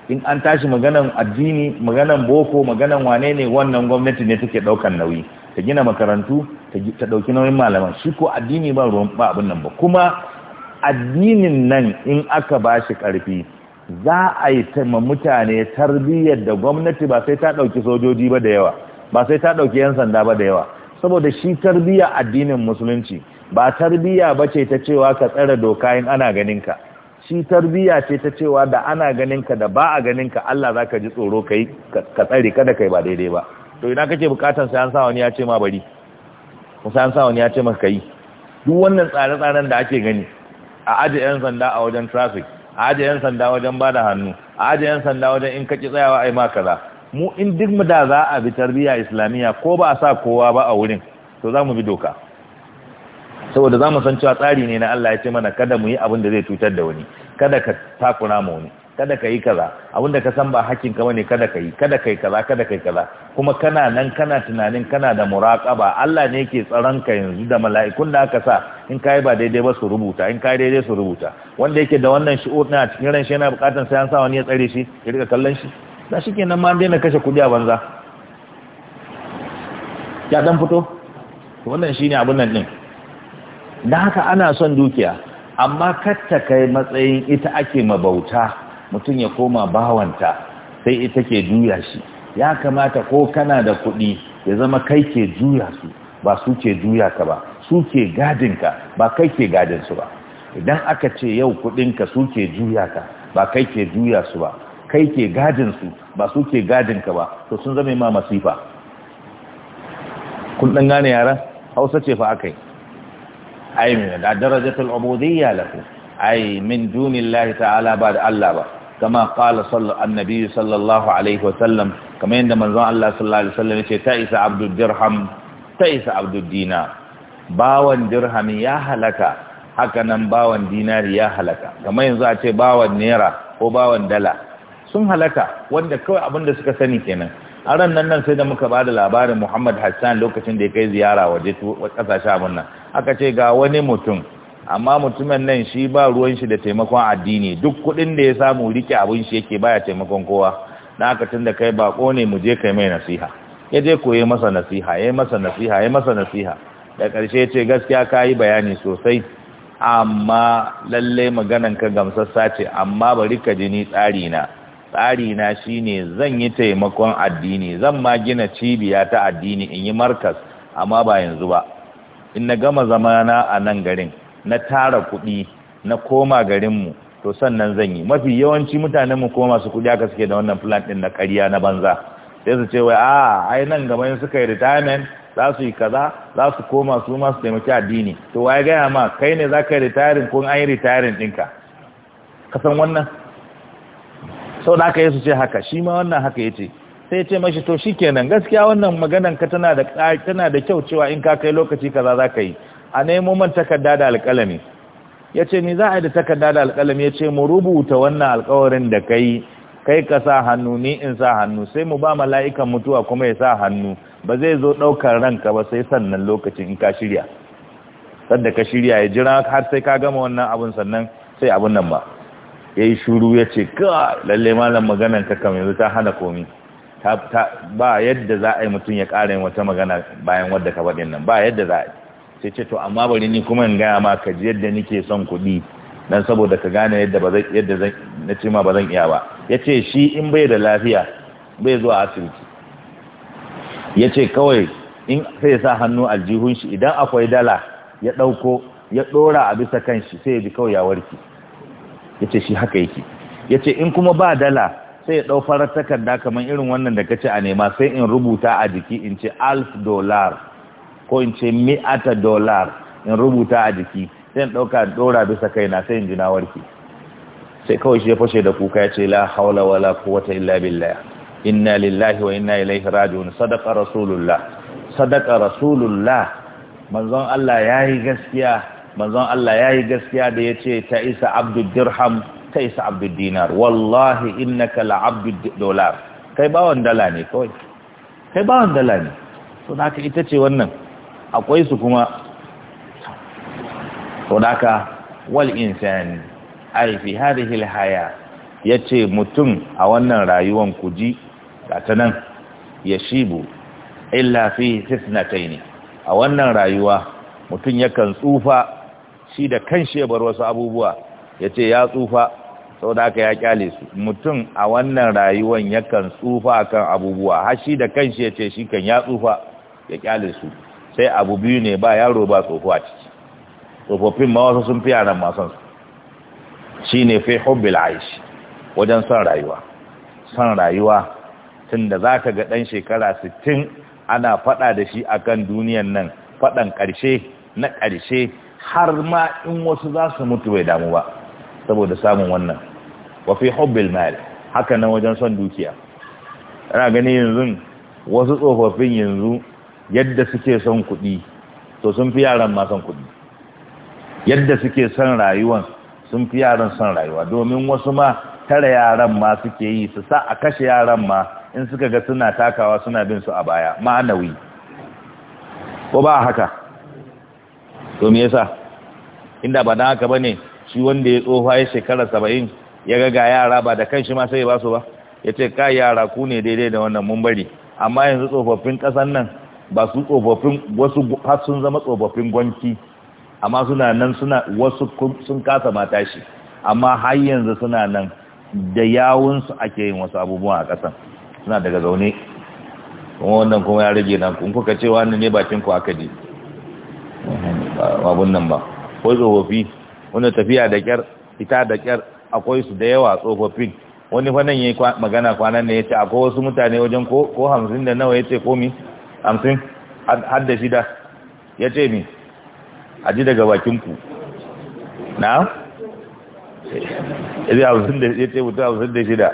in an tashi maganan addini maganan boko maganan wane ne wannan gwamnati ne take ɗaukan nauyi ta gina makarantu ta ɗauki nauyin malaman shi ko addini ba ruwan ba abin nan ba kuma addinin nan in aka ba shi karfi za a yi ma mutane tarbiyyar da gwamnati ba sai ta ɗauki sojoji ba da yawa ba sai ta ɗauki 'yan sanda ba da yawa saboda shi tarbiyya addinin musulunci ba tarbiya ba ce ta cewa ka tsare doka in ana ganinka shi tarbiya ce ta cewa da ana ganinka da ba a ganinka Allah za ka ji tsoro ka yi ka tsare kada ka yi. ba daidai ba to ina kake bukatar sai an sa wani ya ce ma bari sai an sa wani ya ce maka yi. duk wannan tsare-tsaren da ake gani a aje yan sanda a wajen traffic a aje yan sanda wajen bada hannu a aje yan sanda wajen in kaci tsayawa ai ma kaza mu in duk mu da za a bi tarbiya islamiya ko ba a sa kowa ba a wurin to za mu bi doka saboda za mu san cewa tsari ne na Allah ya ce mana kada mu yi abin da zai cutar da wani kada ka takura ma wani kada ka yi kaza abin da ka san ba hakkin ka bane kada ka yi kada kai kaza kada kai kaza kuma kana nan kana tunanin kana da muraqaba Allah ne yake tsaron ka yanzu da mala'ikun da aka sa in kai ba daidai ba su rubuta in kai daidai su rubuta wanda yake da wannan shi'ur na cikin ran shi yana bukatan sai an sa wani ya tsare shi ya rika kallon shi da shikenan ma an daina kashe kudi a banza ya dan fito wannan shine abun nan din da haka ana son dukiya amma katta kai matsayin ita ake mabauta mutum ya koma bawanta sai ita ke juya shi ya kamata ko kana da kuɗi ya zama kai ke juya su ba su ke juya ka ba su ke gadinka ba kai ke gadin su ba idan aka ce yau kuɗinka su ke juya ka ba kai ke juya su ba kai ke gadin su ba su ke gadinka ba to sun zama yi ma masifa kun ɗan gane yaran hausa ce fa aka yi ai min da darajatul ubudiyya lahu ai min dunillahi ta'ala ba da Allah ba kama qala sallallahu annabi sallallahu alaihi wa sallam. kama yanda manzon Allah sallallahu alaihi wa wasallam yace ta isa abdud dirham ta isa abdud dinar bawan dirhami ya halaka haka nan bawan dinari ya halaka kama yanzu a ce bawan naira ko bawan dala sun halaka wanda kawai abin suka sani kenan a ran nan nan sai da muka ba da labarin Muhammad Hassan lokacin da ya kai ziyara waje kasashe abin nan aka ce ga wani mutum amma mutumin nan shi ba ruwan shi da taimakon addini duk kuɗin da ya samu rike abin shi yake baya taimakon kowa na aka tun da kai bako ne mu je kai mai nasiha ya je koye masa nasiha ya masa nasiha ya masa nasiha da ƙarshe ce gaskiya ka yi bayani sosai amma lallai maganan ka gamsassa ce amma bari ka jini tsari na tsari na shine zan yi taimakon addini zan ma gina cibiya ta addini in yi markas amma ba yanzu ba in na gama zamana a nan garin na tara kuɗi na koma garinmu to sannan zan yi mafi yawanci mutanenmu kuma masu kuɗi aka suke da wannan plan ɗin na ƙarya na banza sai su ce wai a ai nan gaba in suka yi retirement za su yi kaza za su koma su ma su taimaki addini to wai gaya ma kai ne za ka yi retiring ko an yi retiring ɗinka ka san wannan sau da aka yi su ce haka shi ma wannan haka ya ce sai ce mashi to shi kenan gaskiya wannan maganan ka tana da tana da kyau cewa in ka kai lokaci kaza za ka yi a nemo man takarda da alƙalami ya ce ni za a yi da takarda da alƙalami ya ce mu rubuta wannan alƙawarin da ka kai ka sa hannu ni in sa hannu sai mu ba mala'ikan mutuwa kuma ya sa hannu ba zai zo ɗaukar ranka ba sai sannan lokacin in ka shirya sanda ka shirya ya jira har sai ka gama wannan abun sannan sai abun nan ba ya yi shuru ya ce ka lalle malam maganan ka kamar yanzu ta hana komi ba yadda za a yi mutum ya ƙara yin wata magana bayan wadda ka faɗin nan ba yadda za a yi sai ce to amma bari ni kuma in gaya ma ka ji yadda nike son kuɗi dan saboda ka gane yadda ba zan yadda zan na ce ma ba zan iya ba yace shi in bai da lafiya bai zuwa asibiti yace kawai in sai sa hannu aljihun shi idan akwai dala ya dauko ya dora a bisa kan shi sai ya ji kawai ya warke yace shi haka yake yace in kuma ba dala sai ya ɗau takarda kamar irin wannan da ka kace a nema sai in rubuta a jiki in ce alf dolar ko in ce mi'ata dolar in rubuta a jiki sai in ɗauka ɗora bisa kai na sai in ji na sai kawai shi ya fashe da kuka ya ce la haula wala quwwata illa billah inna lillahi wa inna ilaihi raji'un sadaqa rasulullah sadaqa rasulullah manzon Allah yayi gaskiya manzon Allah yayi gaskiya da yace ta isa abdul dirham kai sa abdul dinar wallahi innaka la abdul dollar kai bawan dala ne kawai kai bawan dala ne to da ita ce wannan akwai su kuma to da wal insan ai fi hadhihi al haya yace mutum a wannan rayuwan kuji ta nan shibu illa fi ne. a wannan rayuwa mutum yakan tsufa shi da kanshi ya bar wasu abubuwa yace ya tsufa da haka ya kyale su mutum a wannan rayuwan yakan tsufa kan abubuwa har shi da kanshi yace shi kan ya tsufa ya kyale su sai abu biyu ne ba yaro ba tsofo a ciki tsofaffin ma wasu sun fi yaran ma son shi ne fi hubbil aish wajen son rayuwa son rayuwa tunda zaka ga dan shekara 60 ana fada da shi akan duniyan nan fadan karshe na karshe har ma in wasu za su mutu bai damu ba saboda samun wannan wa fi hubbil mal haka nan wajen son dukiya ana gani yanzu wasu tsofaffin yanzu yadda suke son kuɗi to sun fi yaran ma son kuɗi yadda suke son rayuwan sun fi yaran son rayuwa domin wasu ma tare yaran ma suke yi su sa a kashe yaran ma in suka ga suna takawa suna bin su a baya ma'anawi ko ba haka to me yasa inda ba dan haka bane shi wanda ya tsofa ya shekara saba'in ya ga ga yara ba da kanshi ma sai ba su ba ya ce ka yara ku ne daidai da wannan mun bari amma yanzu tsofaffin ƙasan nan ba su tsofaffin wasu har sun zama tsofaffin gwanki amma suna nan suna wasu sun kasa mata shi amma har yanzu suna nan da yawunsu ake yin wasu abubuwa a ƙasan suna daga zaune kuma wannan kuma ya rage nan kun kuka ce wannan ne bakin ku aka ji abun nan ba ko tsofaffi wannan tafiya da kyar ita da kyar akwai su da yawa tsofaffin wani fannin ya yi magana kwanan ne ya ce akwai wasu mutane wajen ko hamsin da nawa ya ce komi hamsin har da shida ya ce mi a ji daga bakinku na ya ce hamsin da ya ce mutu hamsin da shida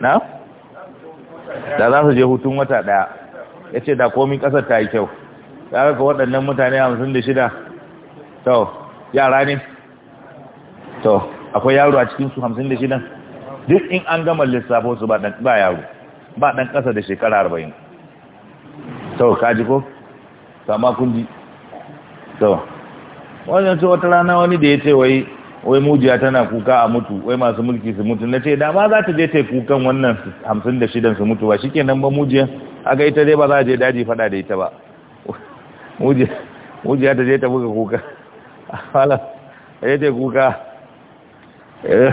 na da za su je hutun wata daya ya ce da komi kasar ta yi kyau ya raka waɗannan mutane hamsin da shida to yara ne to akwai yaro a cikin su hamsin da shidan duk in an gama lissafo su ba yaro ba ɗan ƙasa da shekara arba'in sau kaji ko sama kundi sau wajen ce wata rana wani da ya ce wai wai mujiya tana kuka a mutu wai masu mulki su mutu na ce dama za ta je ta kukan wannan hamsin da shidan su mutu ba shi kenan ba mujiya aga ita dai ba za a je daji fada da ita ba [LAUGHS] mujiya ta je ta buga kuka [LAUGHS] hala ya ce kuka Eh,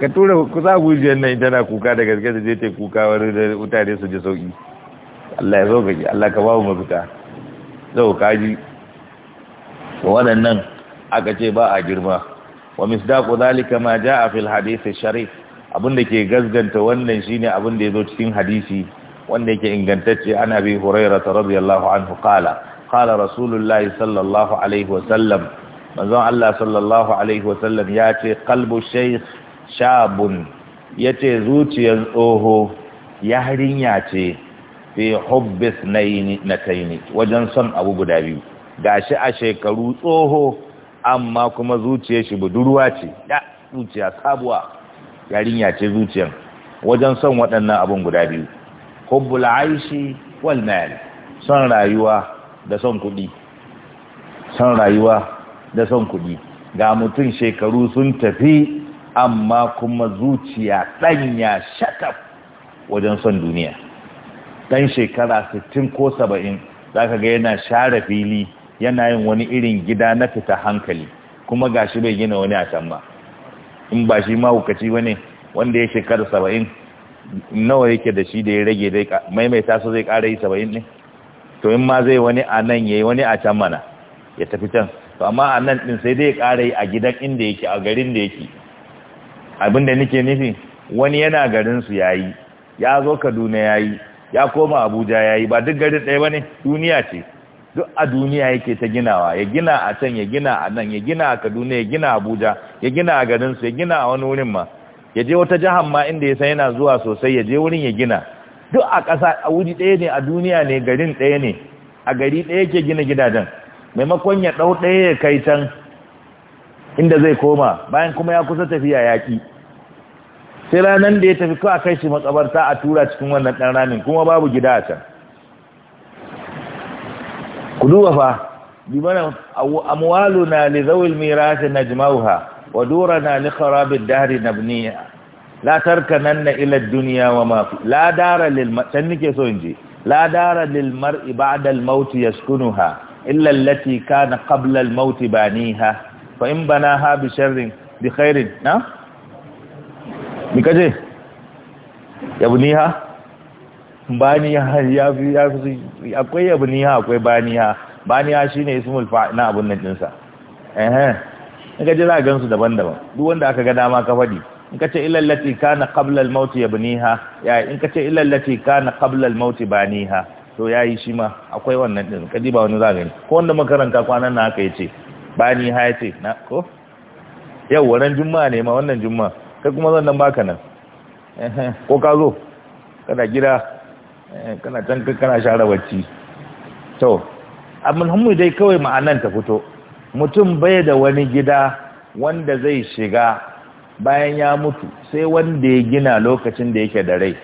ka tura kusa gujiyar nan tana kuka da gaske da je ta kuka wani da mutane su ji sauki Allah ya zo gaji Allah ka mu mafita zau kaji waɗannan aka ce ba a girma wa misdaqu zalika ma jaa fil hadith sharif da ke gazganta wannan shine ya yazo cikin hadisi wanda yake ingantacce ana bi hurairah radiyallahu anhu qala qala rasulullahi sallallahu alaihi wa sallam manzon Allah sallallahu alaihi wasallam ya ce qalbu shaykh shabun yace zuciyar tsoho yarinya ce fi hubbis nayni nakaini wajen son abu guda biyu gashi a shekaru tsoho amma kuma zuciyar shi budurwa ce da zuciya sabuwa yarinya ce zuciyar wajen son waɗannan abun guda biyu hubbul aishi wal mal son rayuwa da son kuɗi son rayuwa da son kuɗi ga mutum shekaru sun tafi amma kuma zuciya ɗanya shataf wajen son duniya ɗan shekara sittin ko saba'in za ka ga yana share fili yana yin wani irin gida na fita hankali kuma ga shi bai gina wani a can ba in ba shi mahukaci ba ne wanda ya shekara saba'in nawa yake da shi da ya rage dai maimaita su zai ƙara yi saba'in ne to in ma zai wani a nan ya yi wani a can mana ya tafi can to amma a nan din sai dai ƙara yi a gidan inda yake a garin da yake abin da nake nufi wani yana garinsu ya yi ya zo kaduna ya yi ya koma abuja ya yi ba duk garin ɗaya ba ne duniya ce duk a duniya yake ta ginawa ya gina a can ya gina a nan ya gina a kaduna ya gina abuja ya gina a garinsu ya gina a wani wurin ma ya je wata jihar ma inda ya san yana zuwa sosai ya je wurin ya gina duk a ƙasa a wuri ɗaya ne a duniya ne garin ɗaya ne a gari ɗaya yake gina gidajen maimakon ya ɗau ɗaya ya kai can inda zai koma bayan kuma ya kusa tafiya yaƙi sai ranar da ya tafi kawai kai shi matsabarta a tura cikin wannan ɗan ramin kuma babu gida a can ku duba fa bimana na li zawil mirasi jimauha wa na li dahari na nabniya la nan na ilar duniya wa ma ladara la dara lil nake so je? la dara lilmar yaskunuha illa allati kana qabla al-maut baniha fa in banaha bi sharrin bi khairin na mikaje yabniha baniha ya fi ya fi akwai yabniha akwai baniha baniha shine ismul fa'il na abun nan dinsa eh in ka ji za a gansu daban-daban duk wanda aka ga dama ka faɗi in ka ce ilallati kana qabla al-maut yabniha ya in ka ce ilallati kana qabla al-maut baniha to ya yi shi ma akwai wannan ɗin kadi ba wani za gani ko wanda makaranta kwanan na aka yi ce ba ni ha ya ce na ko yau wannan juma'a ne ma wannan juma'a kai kuma zan nan baka nan ko ka zo kana gida eh, kana can kana share bacci to abin hamu dai kawai ma'anan ta fito mutum bai da wani gida wanda zai shiga bayan ya mutu sai wanda ya gina lokacin da yake da rai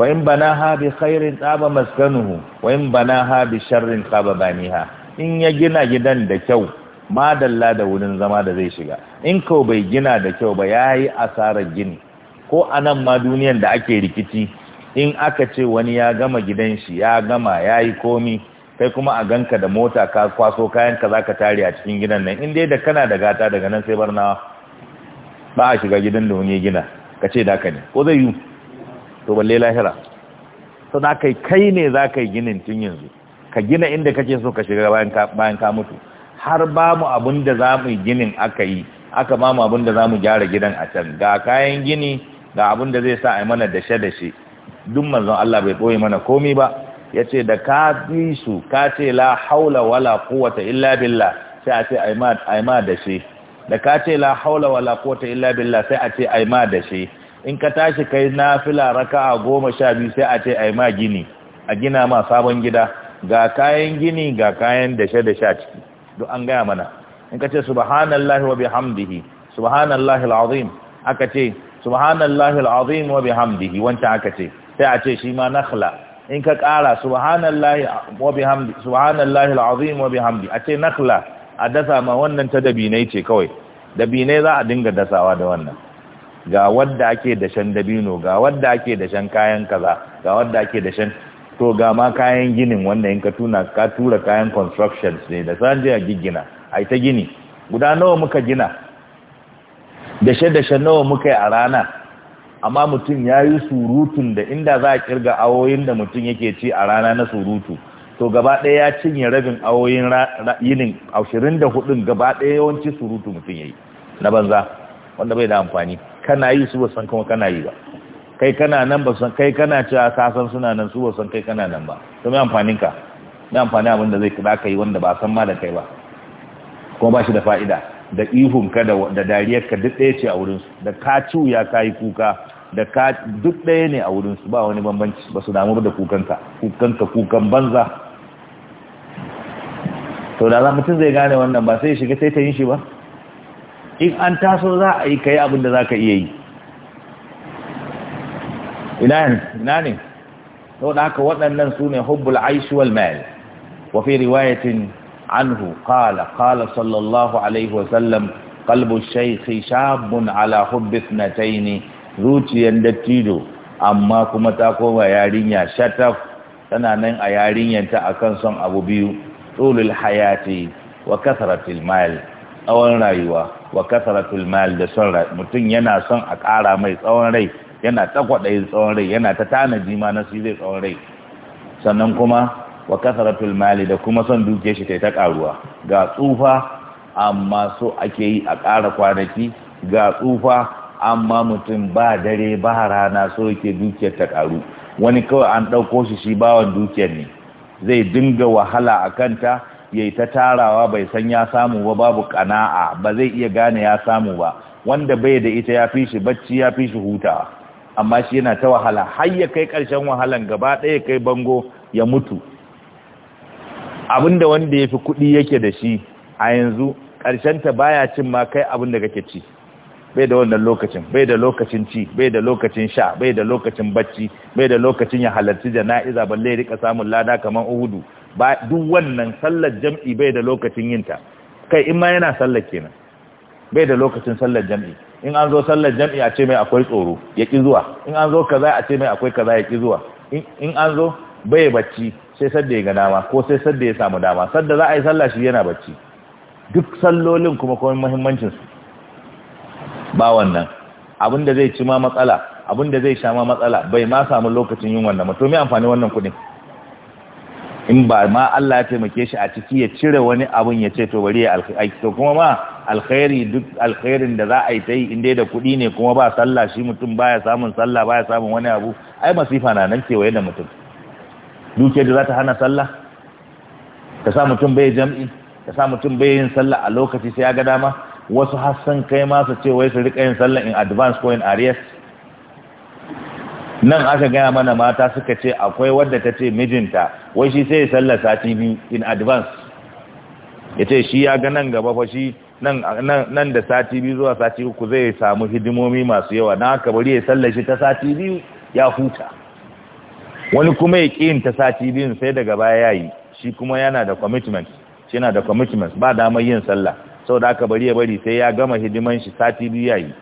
wa in banaha bi khairin tsaba maskanuhu wa in banaha bi sharrin tsaba baniha in ya gina gidan da kyau ma madalla da wurin zama da zai shiga in kau bai gina da kyau ba ya yi asarar gini ko a nan ma duniyan da ake rikici in aka ce wani ya gama gidan shi ya gama ya yi komi kai kuma a ganka da mota ka kwaso kayan ka zaka tare a cikin gidan nan in dai da kana da gata daga nan sai barnawa ba a shiga gidan da wani ya gina ka ce da ka ne ko zai yi to balle lahira to da kai kai ne za ka yi ginin tun yanzu ka gina inda kake so ka shiga bayan ka mutu har ba mu abin da za mu ginin aka yi aka ba mu abin da za mu gyara gidan a can ga kayan gini ga abin da zai sa a mana dashe-dashe duk manzon Allah bai ɓoye mana komi ba yace da ka bi su ka ce la haula wala quwwata illa billah sai a ce ai ma dashe da ka ce la haula wala quwwata illa billah sai a ce ma dashe in ka tashi kai na raka a goma sha biyu sai a ce yi ma gini a gina ma sabon gida ga kayan gini ga kayan dashe da sha ciki duk an gaya mana in ka ce subhanallahi wa bihamdihi subhanallahi alazim aka ce subhanallahi alazim wa bihamdihi wancan aka ce sai a ce shi ma nakhla in ka kara subhanallahi wa bihamdi subhanallahi alazim wa bihamdi a ce nakhla a dasa ma wannan ta dabinai ce kawai dabinai za a dinga dasawa da wannan ga wadda ake da shan dabino ga wadda ake da shan kayan kaza ga wadda ake da shan to ga ma kayan ginin wanda in ka tuna ka tura kayan constructions ne da san jiya giggina ai ta gini guda nawa muka gina da da shan nawa muka yi a rana amma mutum ya yi surutun da inda za a kirga awoyin da mutum yake ci a rana na surutu to gaba ɗaya ya cinye rabin awoyin yinin ashirin da hudun gaba ɗaya yawanci surutu mutum ya yi na banza wanda bai da amfani kana yi su basan san kuma kana yi ba kai kana nan ba san kai kana cewa ka san suna nan su basan san kai kana nan ba to me amfanin ka me amfani abin da zai ka yi wanda ba san ma da kai ba kuma ba shi da fa'ida da ihun ka da da dariyar ka duk ɗaya ce a wurin su da ka ciwya ka yi kuka da ka duk ɗaya ne a wurin su ba wani bambanci ba su damu da kukanka kukanka kukan banza to da za mutum zai gane wannan ba sai ya shiga sai ta yin shi ba in an taso za a yi kai abin da za ka iya yi ina ne saboda haka waɗannan su ne hubbul aishi wal mal wa riwayatin anhu qala qala sallallahu alaihi wa sallam qalbu shaykhi shabun ala hubbi ithnatayn zuciyan dattido amma kuma ta koma yarinya shataf tana nan a yarinyanta akan son abu biyu tulul hayati wa kasratil mal tsawon rayuwa wa kasaratul mal da son rai mutum yana son a ƙara mai tsawon rai yana ta kwaɗayin tsawon rai yana ta tanaji ma na shi zai tsawon rai sannan kuma wa kasaratul mali da kuma son duke shi ta ƙaruwa ga tsufa amma so ake yi a ƙara kwanaki ga tsufa amma mutum ba dare ba rana so yake dukiyar ta ƙaru wani kawai an ɗauko shi shi bawan dukiyar ne zai dinga wahala a kanta yayi ta tarawa bai san ya samu ba babu kana'a ba zai iya gane ya samu ba wanda bai da ita ya fi shi bacci ya fi shi hutawa amma shi yana ta wahala har ya kai karshen wahalan gaba ɗaya kai bango ya mutu abinda wanda ya fi kuɗi yake da shi a yanzu ta baya cin ma kai abinda kake ci bai da wannan lokacin bai da lokacin ci bai da lokacin sha bai da lokacin bacci bai da lokacin ya halarci jana'iza balle rika samun lada kamar uhudu ba duk wannan sallar jam'i bai da lokacin yinta kai in ma yana sallar kenan bai da lokacin sallar jam'i in an zo sallar jam'i a ce mai akwai tsoro ya ki zuwa in an zo kaza a ce mai akwai kaza ya ki zuwa in an zo bai bacci sai sadda ya ga dama ko sai sadda ya samu dama sadda za a yi sallah shi yana bacci duk sallolin kuma kuma muhimmancin su ba wannan abinda da zai ci ma matsala abinda da zai sha ma matsala bai ma samu lokacin yin wannan to me amfani wannan kuɗin in ba ma Allah ya taimake shi a ciki ya cire wani abun ya ce to bari ya alkhairi to kuma ma alkhairi duk alkhairin da za a yi ta inda in da kuɗi ne kuma ba sallah shi mutum baya samun sallah baya samun wani abu ai masifa na nan kewaye da mutum duke da za ta hana sallah ka sa mutum bai jam'i ka sa mutum bai yin sallah a lokaci sai ya ga dama wasu Hassan kai ma su ce wai su rika yin sallah in advance ko in arrears nan aka gaya mana mata suka ce akwai wadda ta ce mijinta wai shi sai ya sallar sati biyu in advance ya ce shi ya ga nan gaba fa shi nan da sati biyu zuwa sati uku zai samu hidimomi masu yawa na haka bari ya sallar shi ta sati biyu ya huta wani kuma ya ƙi ta sati biyun sai daga baya ya yi shi kuma yana da commitment shi yana da commitment ba damar yin sallah sau da aka bari ya bari sai ya gama hidiman shi sati biyu ya yi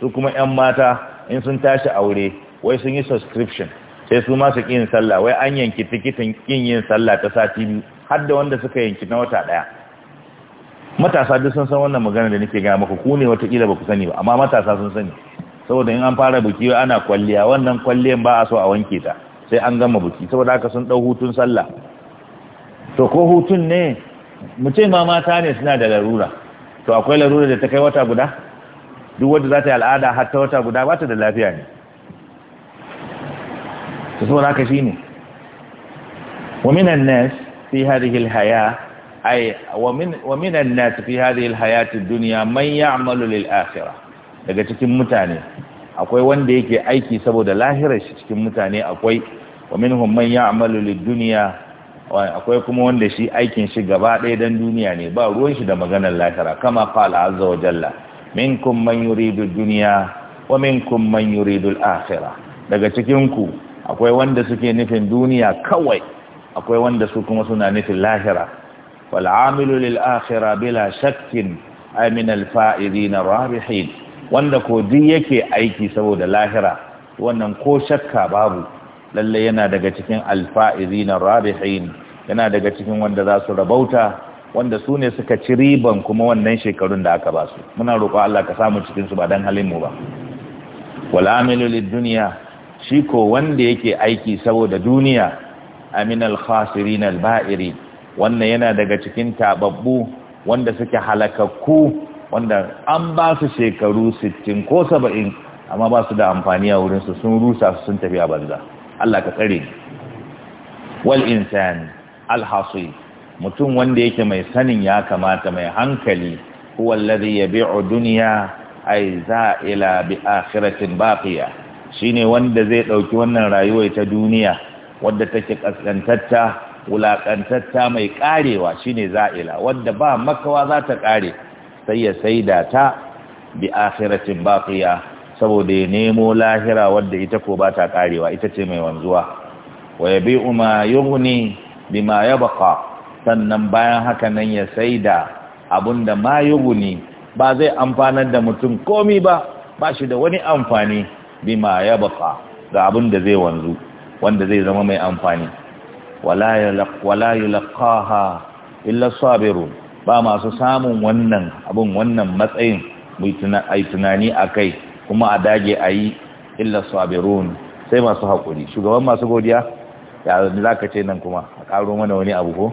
su kuma 'yan mata in sun tashi aure wai sun yi subscription sai su masu ƙin sallah wai an yanki tikitin kin yin sallah ta sati biyu har da wanda suka yanki na wata daya matasa duk sun san wannan magana da nake gaya maka ku ne watakila ba ku sani ba amma matasa sun sani saboda in an fara buki ana kwalliya wannan kwalliyan ba a so a wanke ta sai an gama buki saboda haka sun dau hutun sallah to ko hutun ne mu ce ma mata ne suna da larura to akwai larura da ta kai wata guda duk wanda za ta yi al'ada har ta wata guda ba ta da lafiya ne to saboda haka shine wa minan nas fi hadhihi alhaya ay wa wa minan nas fi hadhihi alhayati ad-dunya man ya'malu lil akhirah daga cikin mutane akwai wanda yake aiki saboda lahirar shi cikin mutane akwai wa minhum man ya'malu lid dunya akwai kuma wanda shi aikin shi gaba ɗaya dan duniya ne ba ruwan shi da maganar lahira kama qala azza wa jalla kun man yuridu duniya wa minkum man yuridu al-akhirah daga cikin ku akwai wanda suke nufin duniya kawai akwai wanda su kuma suna nufin lahira wal amilu lil akhirah bila shakkin ay min al fa'idin rabihin wanda ko duk yake aiki saboda lahira wannan ko shakka babu lalle yana daga cikin al fa'idin rabihin yana daga cikin wanda za su rabauta wanda su ne suka ci riban kuma wannan shekarun da aka ba su muna roƙo Allah ka samu cikin su ba dan halin mu ba wal amilu lid dunya shi ko wanda yake aiki saboda duniya aminal khasirin alba'iri wannan yana daga cikin tababbu wanda suke halakakku wanda an ba su shekaru 60 ko 70 amma ba su da amfani a wurinsu sun rusa su sun tafi a banza Allah ka tsare wal insan alhasi mutum wanda yake mai sanin ya kamata mai hankali huwa alladhi yabi'u dunya ay za'ila bi akhiratin baqiya shine wanda zai ɗauki wannan rayuwar ta duniya wadda take ƙasƙantatta wulaƙantatta mai ƙarewa shine za'ila wadda ba makawa za ta ƙare sai ya saida ta bi akhiratin baqiya saboda ya nemo lahira wadda ita ko ba ta ƙarewa ita ce mai wanzuwa wa yabi'u ma yughni bima yabqa sannan bayan haka nan ya saida abunda ma yughni ba zai amfanar da mutum komi ba ba shi da wani amfani bima ya baka ga abin da zai wanzu wanda zai zama mai amfani wala yulqaha illa sabiru ba masu samun wannan abin wannan matsayin mai tunani a kai, kuma a dage a yi illa sabiru sai masu hakuri shugaban masu godiya ya zaka ce nan kuma a ƙaro mana wani abu ko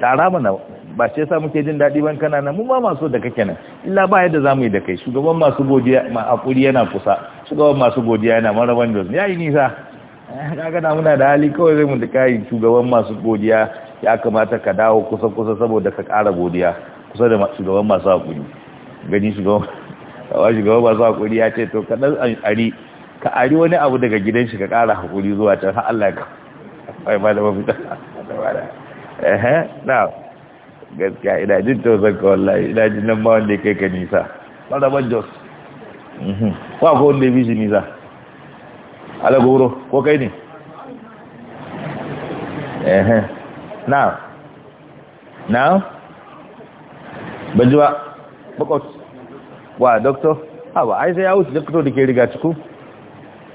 tara mana ba sai sa muke jin daɗi ban kana nan mu ma masu da kake nan illa ba yadda za mu yi da kai shugaban masu godiya ma hakuri yana kusa shugaban masu godiya yana maraban jos ya yi nisa eh, kaga na muna da hali kawai zai mun da kayi shugaban masu godiya ya kamata ka dawo kusa kusa saboda ka kara godiya kusa da shugaban masu haƙuri. gani shugaban masu haƙuri ya ce to kaɗan ari ka ari wani abu daga gidan shi ka kara haƙuri zuwa can ha Allah ka ai ba da mafita eh na gaskiya ina jin ka wallahi ina jin nan ma wanda kai ka nisa maraban jos Mhm. ko le wanda ya fi shi nisa ko kai ne eh na na bajiwa bakwas wa doktor hawa ai sai ya wuce doktor da ke riga cikin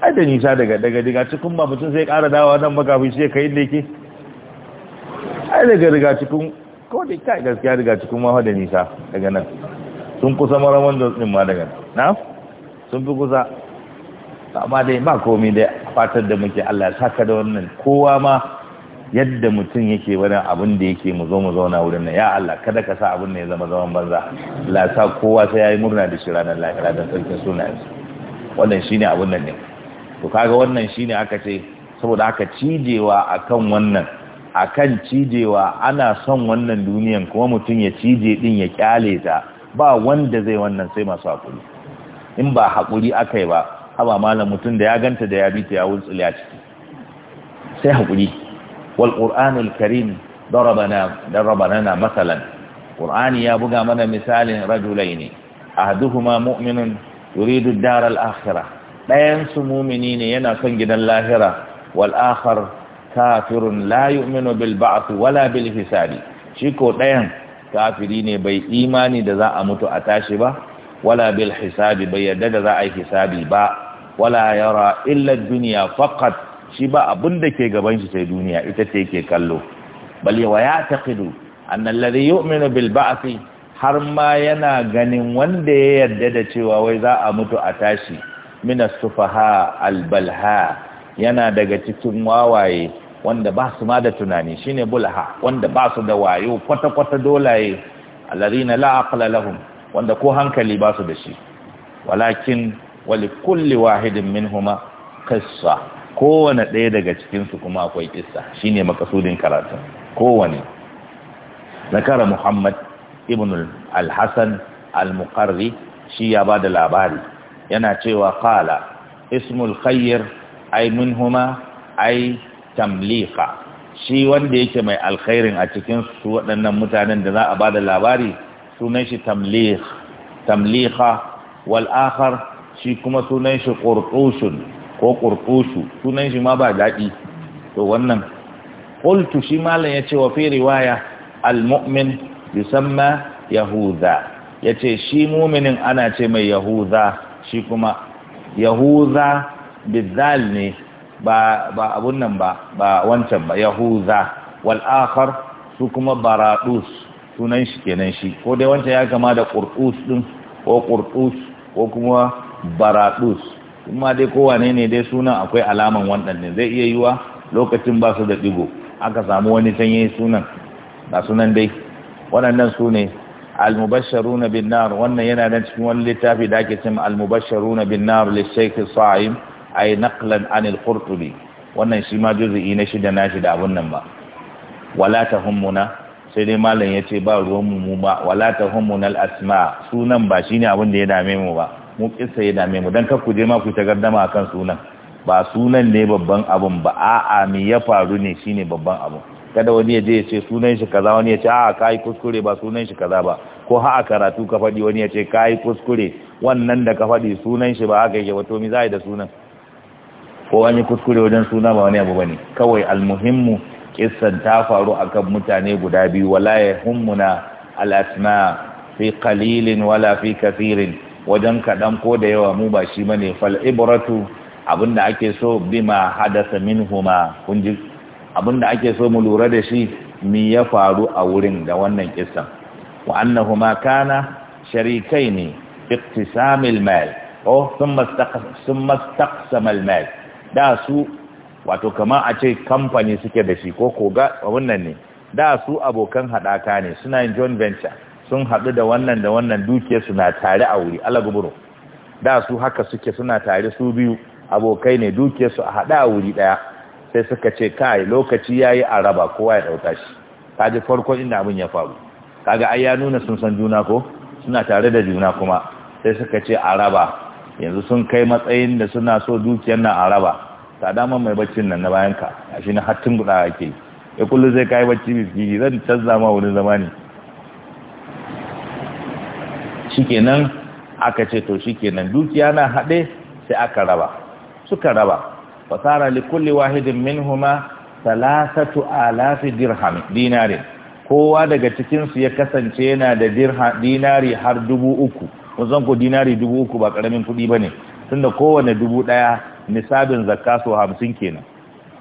ai da nisa daga daga daga cikin ba mutum sai kara dawa nan makafin sai kai inda yake ai daga riga cikin ko da kai gaskiya riga cikin ma da nisa daga nan sun kusa maraman da ma daga na sun fi kusa amma dai ba komi dai fatar da muke Allah ya saka da wannan kowa ma yadda mutum yake wani abin da yake mu zo mu zauna wurin nan ya Allah kada ka sa abin ne ya zama zaman banza Allah ya sa kowa sai yayi murna da shi ranar lahira da sarkin sunayen wannan shine abin nan ne to kaga wannan shine aka ce saboda aka cijewa akan wannan akan cijewa ana son wannan duniyan kuma mutum ya cije din ya kyale ta ba wanda zai wannan sai masu hakuri in ba haƙuri aka yi ba haba malam mutum da ya ganta da ya bi ta ya wultsuli ya ciki sai haƙuri wal ƙur'anul karim darabana na matsalan ƙur'ani ya buga mana misalin rajulai ne ahaduhuma mu'minun yuridu daral akhira ɗayan su mumini ne yana son gidan lahira wal akhar kafirun la yu'minu bil ba'th wala bil hisabi shi ko ɗayan kafiri ne bai imani da za a mutu a tashi ba wala bil hisabi bai da za a yi hisabi ba wala yara illa duniya faqat shi ba abin da ke gaban shi sai duniya ita ce ke kallo bal wa ya'taqidu anna alladhi yu'minu bil ba'thi har ma yana ganin wanda ya yarda da cewa wai za a mutu a tashi min as-sufaha al-balha yana daga cikin wawaye wanda ba su ma da tunani shine bulha wanda ba su da wayo kwata kwata dolaye alladhina la aqla lahum wanda ko hankali ba su da shi walakin wali kulli wahidin minhuma qissa kowane ɗaya daga cikinsu kuma akwai kissa shine makasudin karatu kowane zakara muhammad ibn al-hasan al-muqarri shi ya bada labari yana cewa qala ismul khair ay minhuma ay tamliqa shi wanda yake mai alkhairin a cikin su waɗannan mutanen da za a bada labari sunan shi tamlikh tamlikha wal akhar shi kuma sunan shi qurtushun ko qurtushu sunan shi ma ba daɗi to wannan qultu shi malam yace wa fi riwaya al mu'min yusamma yahuda yace shi mu'minin ana ce mai yahuda shi kuma yahuda bizal ne ba ba abun nan ba ba wancan ba yahuda wal akhar su kuma baradus sunan shi kenan shi ko dai wancan ya kama da qurtus din ko qurtus ko kuma baradus kuma dai kowane ne dai sunan akwai alaman wannan zai iya yiwa lokacin ba su da digo aka samu wani sanye sunan ga sunan dai waɗannan su ne almubasharuna bin nar wannan yana nan cikin wani littafi da ake cewa almubasharuna bin nar li shaykh sa'im a yi an al-qurtubi wannan shi ma juz'i na shida na shida abun nan ba wala tahummuna sai dai malam ya ce ba ruwan mu ba wala ta nal asma sunan ba shine abin da ya dame mu ba mu kissa ya dame mu dan kakku je ma ku ta gardama akan sunan ba sunan ne babban abun ba a'a me ya faru ne shine babban abun kada wani ya je ya ce sunan shi kaza wani ya ce a'a kai kuskure ba sunan shi kaza ba ko ha karatu ka faɗi wani ya ce kai kuskure wannan da ka faɗi sunan shi ba haka yake to mi za da sunan ko wani kuskure wajen suna ba wani abu bane kawai almuhimmu kissan ta faru akan mutane guda biyu wala ya hummuna al'asma fi kalilin wala fi kasirin. wajen kaɗan ko da yawa mu ba shi bane fal ibratu abinda ake so bima hadasa minhuma kun ji abinda ake so mu lura da shi mi ya faru a wurin da wannan kissan wa annahuma kana ne اقتسام المال او ثم sun ثم استقسم da su wato kamar a ce kamfani suke da shi ko koga wannan ne da su abokan haɗaka ne suna yin joint venture sun haɗu da wannan da wannan duke suna tare a wuri alaguburo da su haka suke suna tare su biyu abokai ne duke su a haɗa a wuri ɗaya sai suka ce kai lokaci ya yi a raba kowa ya ɗauka shi ka ji farkon inda abin ya faru kaga ai nuna sun san juna ko suna tare da juna kuma sai suka ce a raba yanzu sun kai matsayin da suna so dukiyar nan a raba ta dama mai baccin nan na bayan e, ka a shi na hattun guda ake ya kullu zai kayi bacci biskiti zan canza ma wurin zama ne shikenan aka ce to shikenan dukiya na haɗe sai aka raba suka raba fasara li kulli wahidin huma salasatu alafi dirham dinari. kowa daga cikinsu ya kasance yana da dinari har dubu uku kun san ko dinari dubu uku ba karamin kuɗi ba ne tunda kowane dubu ɗaya nisabin zakka so hamsin kenan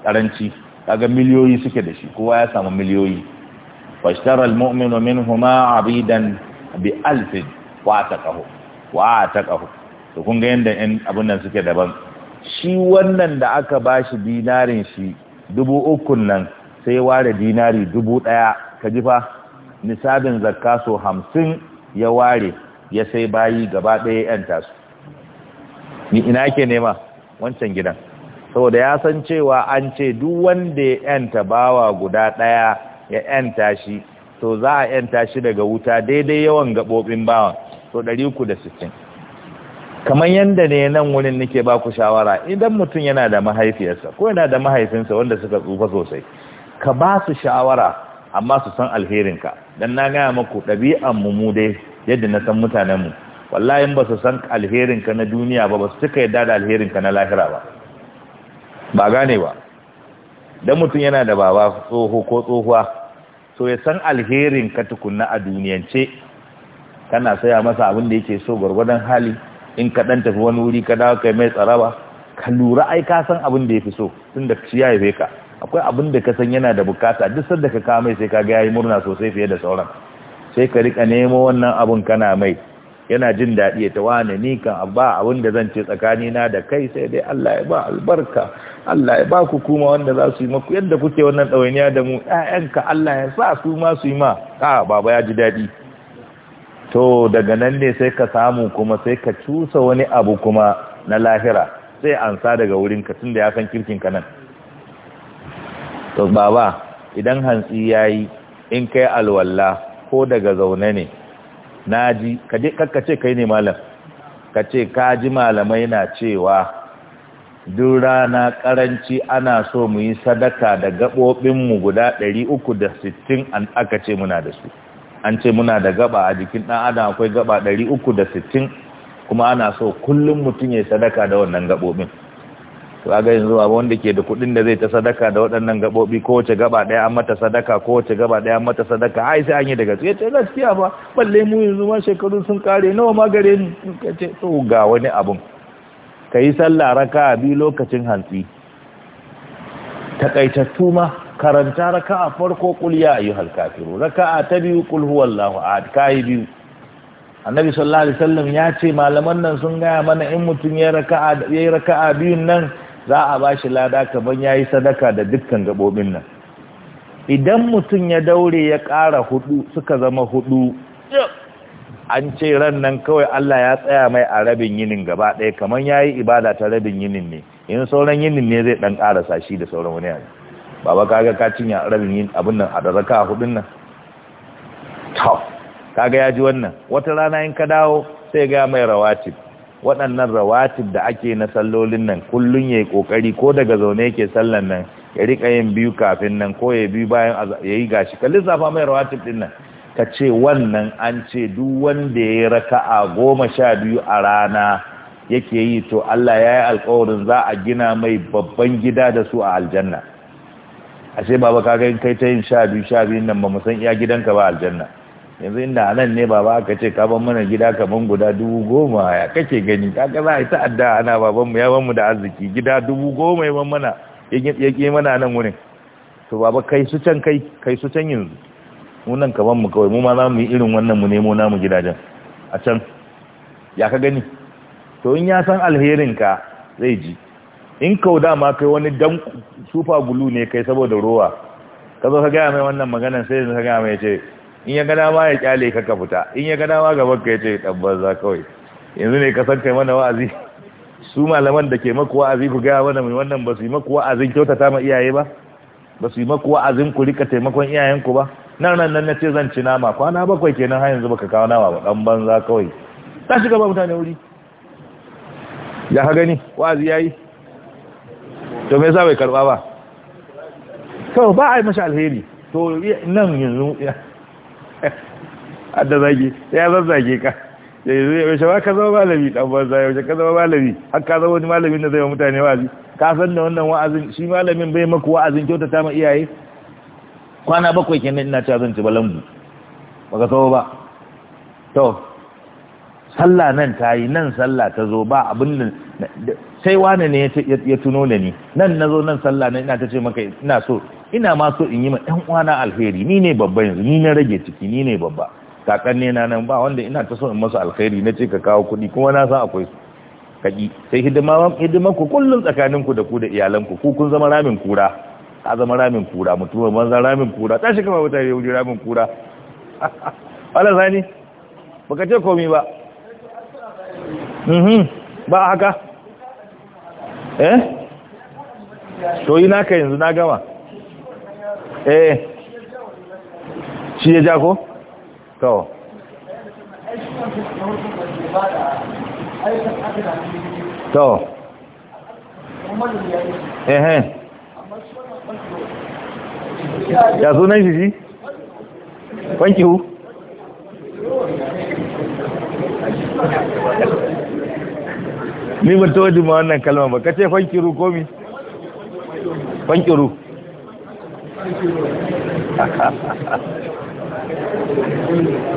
karanci kaga miliyoyi suke da shi kowa ya samu miliyoyi fashtara almu'minu minhuma abidan bi alfin wa taqahu wa taqahu to kun ga yanda 'yan abun nan suke daban shi wannan da aka bashi dinarin shi dubu ukun nan sai ware dinari dubu ɗaya ka ji fa nisabin zakka so hamsin ya ware ya sai bayi gaba ɗaya 'yan tasu ni ina ke nema wancan gidan saboda ya san cewa an ce duk wanda ya yanta bawa guda ɗaya ya yanta shi to za a yanta shi daga wuta daidai yawan gaɓoɓin bawan to ɗari uku da sittin kamar yadda ne nan wurin nake ba ku shawara idan mutum yana da mahaifiyarsa ko yana da mahaifinsa wanda suka tsufa sosai ka ba su shawara amma su san alherinka don na gaya maku ɗabi'an mu mu dai yadda na san mutanenmu wallahi ba su san alherin ka na duniya ba ba su suka yadda da alherin ka na lahira ba ba gane ba dan mutum yana da baba tsoho ko tsohuwa so ya san alherin ka tukunna a duniyance kana saya masa abin da yake so gwargwadon hali in ka dan tafi wani wuri ka dawo kai mai tsaraba ka lura ai ka san abin da yafi so tunda shi ya haife ka akwai abin da ka san yana da bukata duk sanda ka kawo mai sai ka ga yayi murna sosai fiye da sauran sai ka rika nemo wannan abun kana mai yana jin daɗi ta tawane ni kan ba abin da zan ce na da kai sai dai Allah ya ba albarka Allah ya ba ku kuma wanda za su yi maku yadda kuke wannan ɗawainiya da mu ‘ya'yanka Allah ya sa su ma su yi ma a baba ya ji daɗi to daga nan ne sai ka samu kuma sai ka cusa wani abu kuma na lahira sai ansa daga wurin ka tun da ya san kirkin ka nan to baba idan hantsi yayi in kai alwala ko daga zaune ne naji kakka ce kai ne malam ka ce kaji malamai na cewa duk rana karanci ana so mu yi sadaka da mu guda 360 an aka ce muna da su an ce muna da gaba a jikin ɗan adam akwai gaba 360 kuma ana so kullum mutum ya sadaka da wannan gaɓoɓin kaga yanzu abu wanda ke da kuɗin da zai ta sadaka da waɗannan gaɓoɓi wace gaba ɗaya an mata sadaka ko wace gaba ɗaya an mata sadaka ai sai an yi daga gaskiya ce gaskiya ba balle mu yanzu ma shekaru sun kare nawa ma gare ni kace to ga wani abun kai sallah raka biyu lokacin hantsi takaitattu ma karanta a farko kul ya ayyuhal kafiru raka ta biyu kul huwallahu ahad kai biyu annabi sallallahu alaihi wasallam ya ce malaman nan sun gaya mana in mutum ya raka'a ya raka'a biyun nan za a ba shi lada kamar ya yi sadaka da dukkan gaɓoɓin nan idan mutum ya daure ya ƙara hudu suka zama hudu an ce ran nan kawai Allah ya tsaya mai a rabin yinin gaba ɗaya kamar ya yi ibada ta rabin yinin ne in sauran yinin ne zai ɗan ƙarasa shi da sauran wani yanzu baba kaga ka cinya rabin yin abin nan a da zaka a hudun nan kaga ya ji wannan wata rana in ka dawo sai ga mai rawatib waɗannan rawatib da ake na sallolin nan kullun yayi kokari ko daga zaune yake sallan nan ya rika yin biyu kafin nan ko ya biyu bayan yayi gashi ka lissafa mai rawatib din nan ka ce wannan an ce duk wanda ya raka'a goma sha biyu a rana yake yi to Allah ya yi alkawarin za a gina mai babban gida da su a aljanna ashe baba ka in kai ta yin sha biyu sha biyu nan ba mu san iya gidanka ba aljanna yanzu inda anan ne baba aka ce ka ban mana gida kaman guda dubu goma ya kake gani kaga za a yi ta'adda ana baban mu ya ban mu da arziki gida dubu goma ya ban mana ya ke mana nan wurin to baba kai su can kai kai su can yanzu mu nan kaman mu kawai mu ma za mu yi irin wannan mu nemo namu gidajen a can ya ka gani to in ya san alherin ka zai ji in kau dama kai wani dan sufa gulu ne kai saboda rowa ka zo ka gaya mai wannan maganan sai ka gaya mai ce in ya gada dama ya kyale ka ka fita in ya ga dama gaban ka ya ce dan banza kawai yanzu ne ka san kai mana wa'azi su malaman da ke maku wa'azi ku gaya mana mai wannan ba su yi maku wa'azin kyautata ma iyaye ba ba su yi maku wa'azin ku rika taimakon iyayenku ba nan nan nan nace zan ci nama kwana bakwai kenan har yanzu baka kawo nama ba dan banza kawai ta shiga ba mutane wuri ya ka gani wa'azi yayi to me yasa bai karba ba to ba ai mashi alheri to nan yanzu adda [LAUGHS] zage ya zazzage ka yaushe ba ka zama malami dan banza yaushe ka zama malami har ka zama wani malamin da zai wa mutane wa'azi ka san da wannan wa'azin shi malamin bai maka wa'azin kyautata ma iyaye kwana bakwai kenan ina cewa zan ci balangu baka ba to sallah nan ta yi nan sallah ta zo ba abin da sai wane ne ya tuno da ni nan na zo nan sallah na ina ta ce maka ina so ina ma so in yi ma ɗan uwana alheri ni ne babba yanzu ni na rage ciki ni ne babba kakan ne na nan ba wanda ina ta so in masu alheri na ce ka kawo kuɗi kuma na san akwai su kaki sai hidima hidima ku kullum tsakanin ku da ku da iyalan ku ku kun zama ramin kura ka zama ramin kura mutum ban ramin kura tashi kama mutane wuri ramin kura [LAUGHS] wala sani baka ce komai ba Mhm. ba haka eh to yi naka yanzu na gama eh shi ya ja ko? to to eh ya sunan shi shi? kwanki hu? ni ba tawaji ma wannan kalma ba kace fankiru ko mi fankiru [LAUGHS]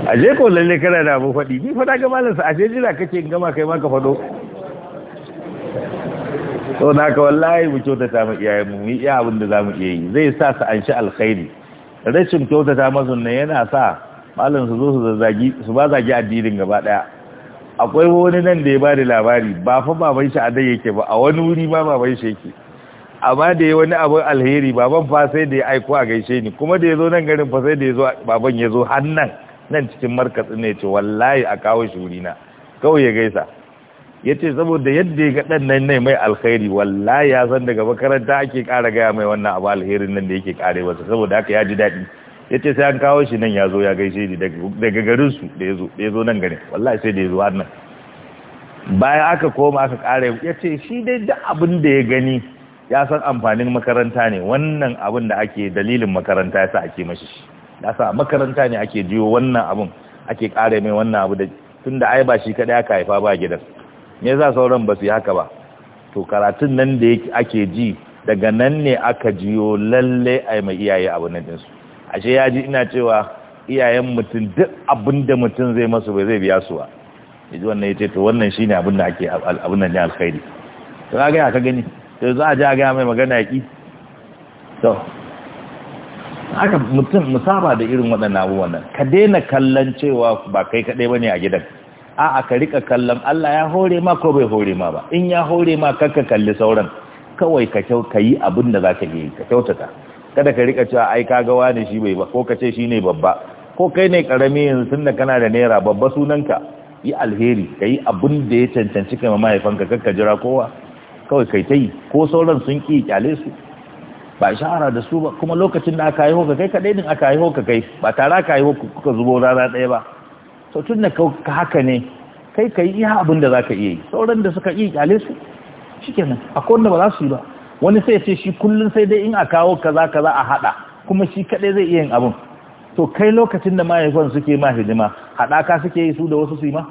aje ko lalle kana da abu faɗi ni faɗa ga malam sa aje jira kace in gama kai ma ka faɗo to na ka wallahi mu ta mu iyayen mu iya abin da zamu iya yi zai sa su an shi alkhairi rashin ta masu nan yana sa malam su zo su zazzagi su ba zagi addinin gaba daya akwai wani nan da ya ba da labari ba fa baban shi a dai yake ba a wani wuri ma baban shi yake amma da ya wani abin alheri baban fa sai da ya aiko a gaishe ni kuma da ya zo nan garin fa sai da ya zo baban ya zo hannan nan cikin markas ne ce wallahi a kawo shi wuri na kawai ya gaisa ya ce saboda yadda ya ga ɗan nan ne mai alkhairi wallahi ya san daga makaranta ake ƙara gaya mai wannan abu alherin nan da yake ƙare wasu saboda haka ya ji daɗi ya ce sai an kawo shi nan ya zo ya gaishe ni daga garinsu da ya zo nan gani wallahi sai da ya zo nan bayan aka koma aka ƙara ya ce shi dai da abin da ya gani ya san amfanin makaranta ne wannan abin da ake dalilin makaranta ya sa ake mashi shi ya sa makaranta ne ake jiwo wannan abin ake ƙara mai wannan abu da tun da ai ba shi kaɗai aka haifa ba gidan me yasa sauran ba su yi haka ba to karatun nan da ake ji daga nan ne aka jiyo lalle ai mai iyaye abin nan ɗinsu ashe ya ji ina cewa iyayen mutum duk abin da mutum zai masu bai zai biya su ba ji wannan ya ce to wannan shine abin da ake abin da ne alkhairi to ga ya ka gani to za a ji a ga mai magana yaki to haka mutum musaba da irin waɗannan abubuwan nan ka daina kallon cewa ba kai kaɗai ne a gidan a'a ka rika kallon Allah ya hore ma ko bai hore ma ba in ya hore ma kakka kalli sauran kawai ka kyau ka yi abin da za ka yi ka kyautata kada ka rika cewa ai kaga wani shi bai ba ko ka ce ne babba ko kai ne karami yanzu tunda kana da naira babba sunanka yi alheri ka yi abin da ya cancanci kai mahaifanka kakka jira kowa kawai kai ta yi ko sauran sun ki kyale su ba shahara da su ba kuma lokacin da aka haihu ka kai kadai din aka haihu ka kai ba tare aka haihu ku kuka zubo rana ɗaya ba to tun da ka haka ne kai ka yi iya abin da za ka iya yi sauran da suka iya kyale su shikenan akwai wanda ba za su yi ba wani sai ce shi kullum sai dai in a kawo kaza kaza a hada kuma shi kadai zai iya yin abun to kai lokacin da mahaifan suke ma hidima hadaka suke yi su da wasu su yi ma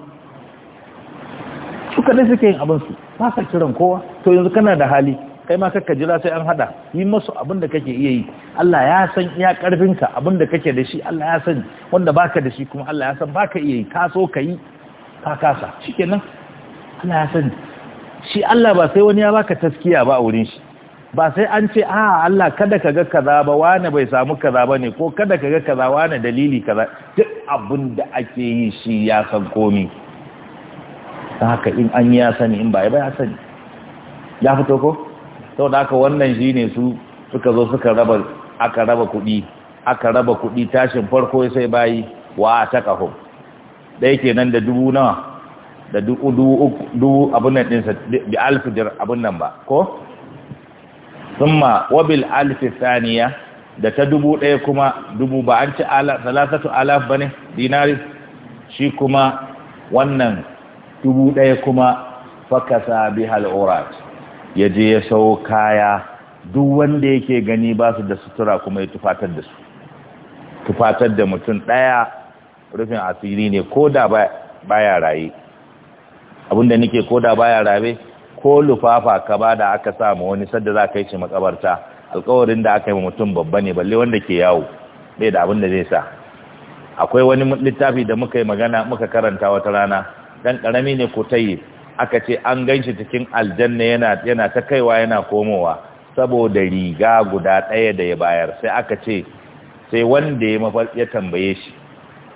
su kadai suke yin abun su ba sa kiran kowa to yanzu kana da hali kai ma kakka jira sai an hada yi masu abin da kake iya yi Allah ya san iya ka abin da kake da shi Allah ya san wanda baka da shi kuma Allah ya san baka iya yi ka so ka yi ka kasa shikenan Allah ya san shi Allah ba sai wani ya baka taskiya ba a wurin shi ba sai an ce a ah, Allah kada ka ga kaza ba wani bai samu kaza ba ne ko kada ka ga kaza wani dalili kaza duk abin da ake yi shi ya san komi ta haka in an ya sani in ba ya ya sani ya fito ko sau da haka wannan shi ne su suka zo suka raba aka raba kuɗi aka raba kudi tashin farko sai bayi wa ta kaho yake nan da dubu nawa da dubu abin nan ɗinsa da alfijar abin nan ba ko summa wabil alfi saniya da ta dubu ɗaya kuma dubu ba an ci salasatu alaf ba ne dinari shi kuma wannan dubu ɗaya kuma fakasa bi hal'urat ya je ya sau kaya duk wanda yake gani ba su da sutura kuma ya tufatar da su tufatar da mutum ɗaya rufin asiri ne ko da baya raye abinda nake ko da baya rabe ko lufafa ka ba da aka sa ma wani sadda za ka yi ce makabarta alkawarin da aka yi mutum babba ne balle wanda ke yawo bai da abin da zai sa akwai wani littafi da muka yi magana muka karanta wata rana dan karami ne ko tayi aka ce an ganshi cikin aljanna yana yana ta kaiwa yana komowa saboda riga guda ɗaya da ya bayar sai aka ce sai wanda ya mafarki ya tambaye shi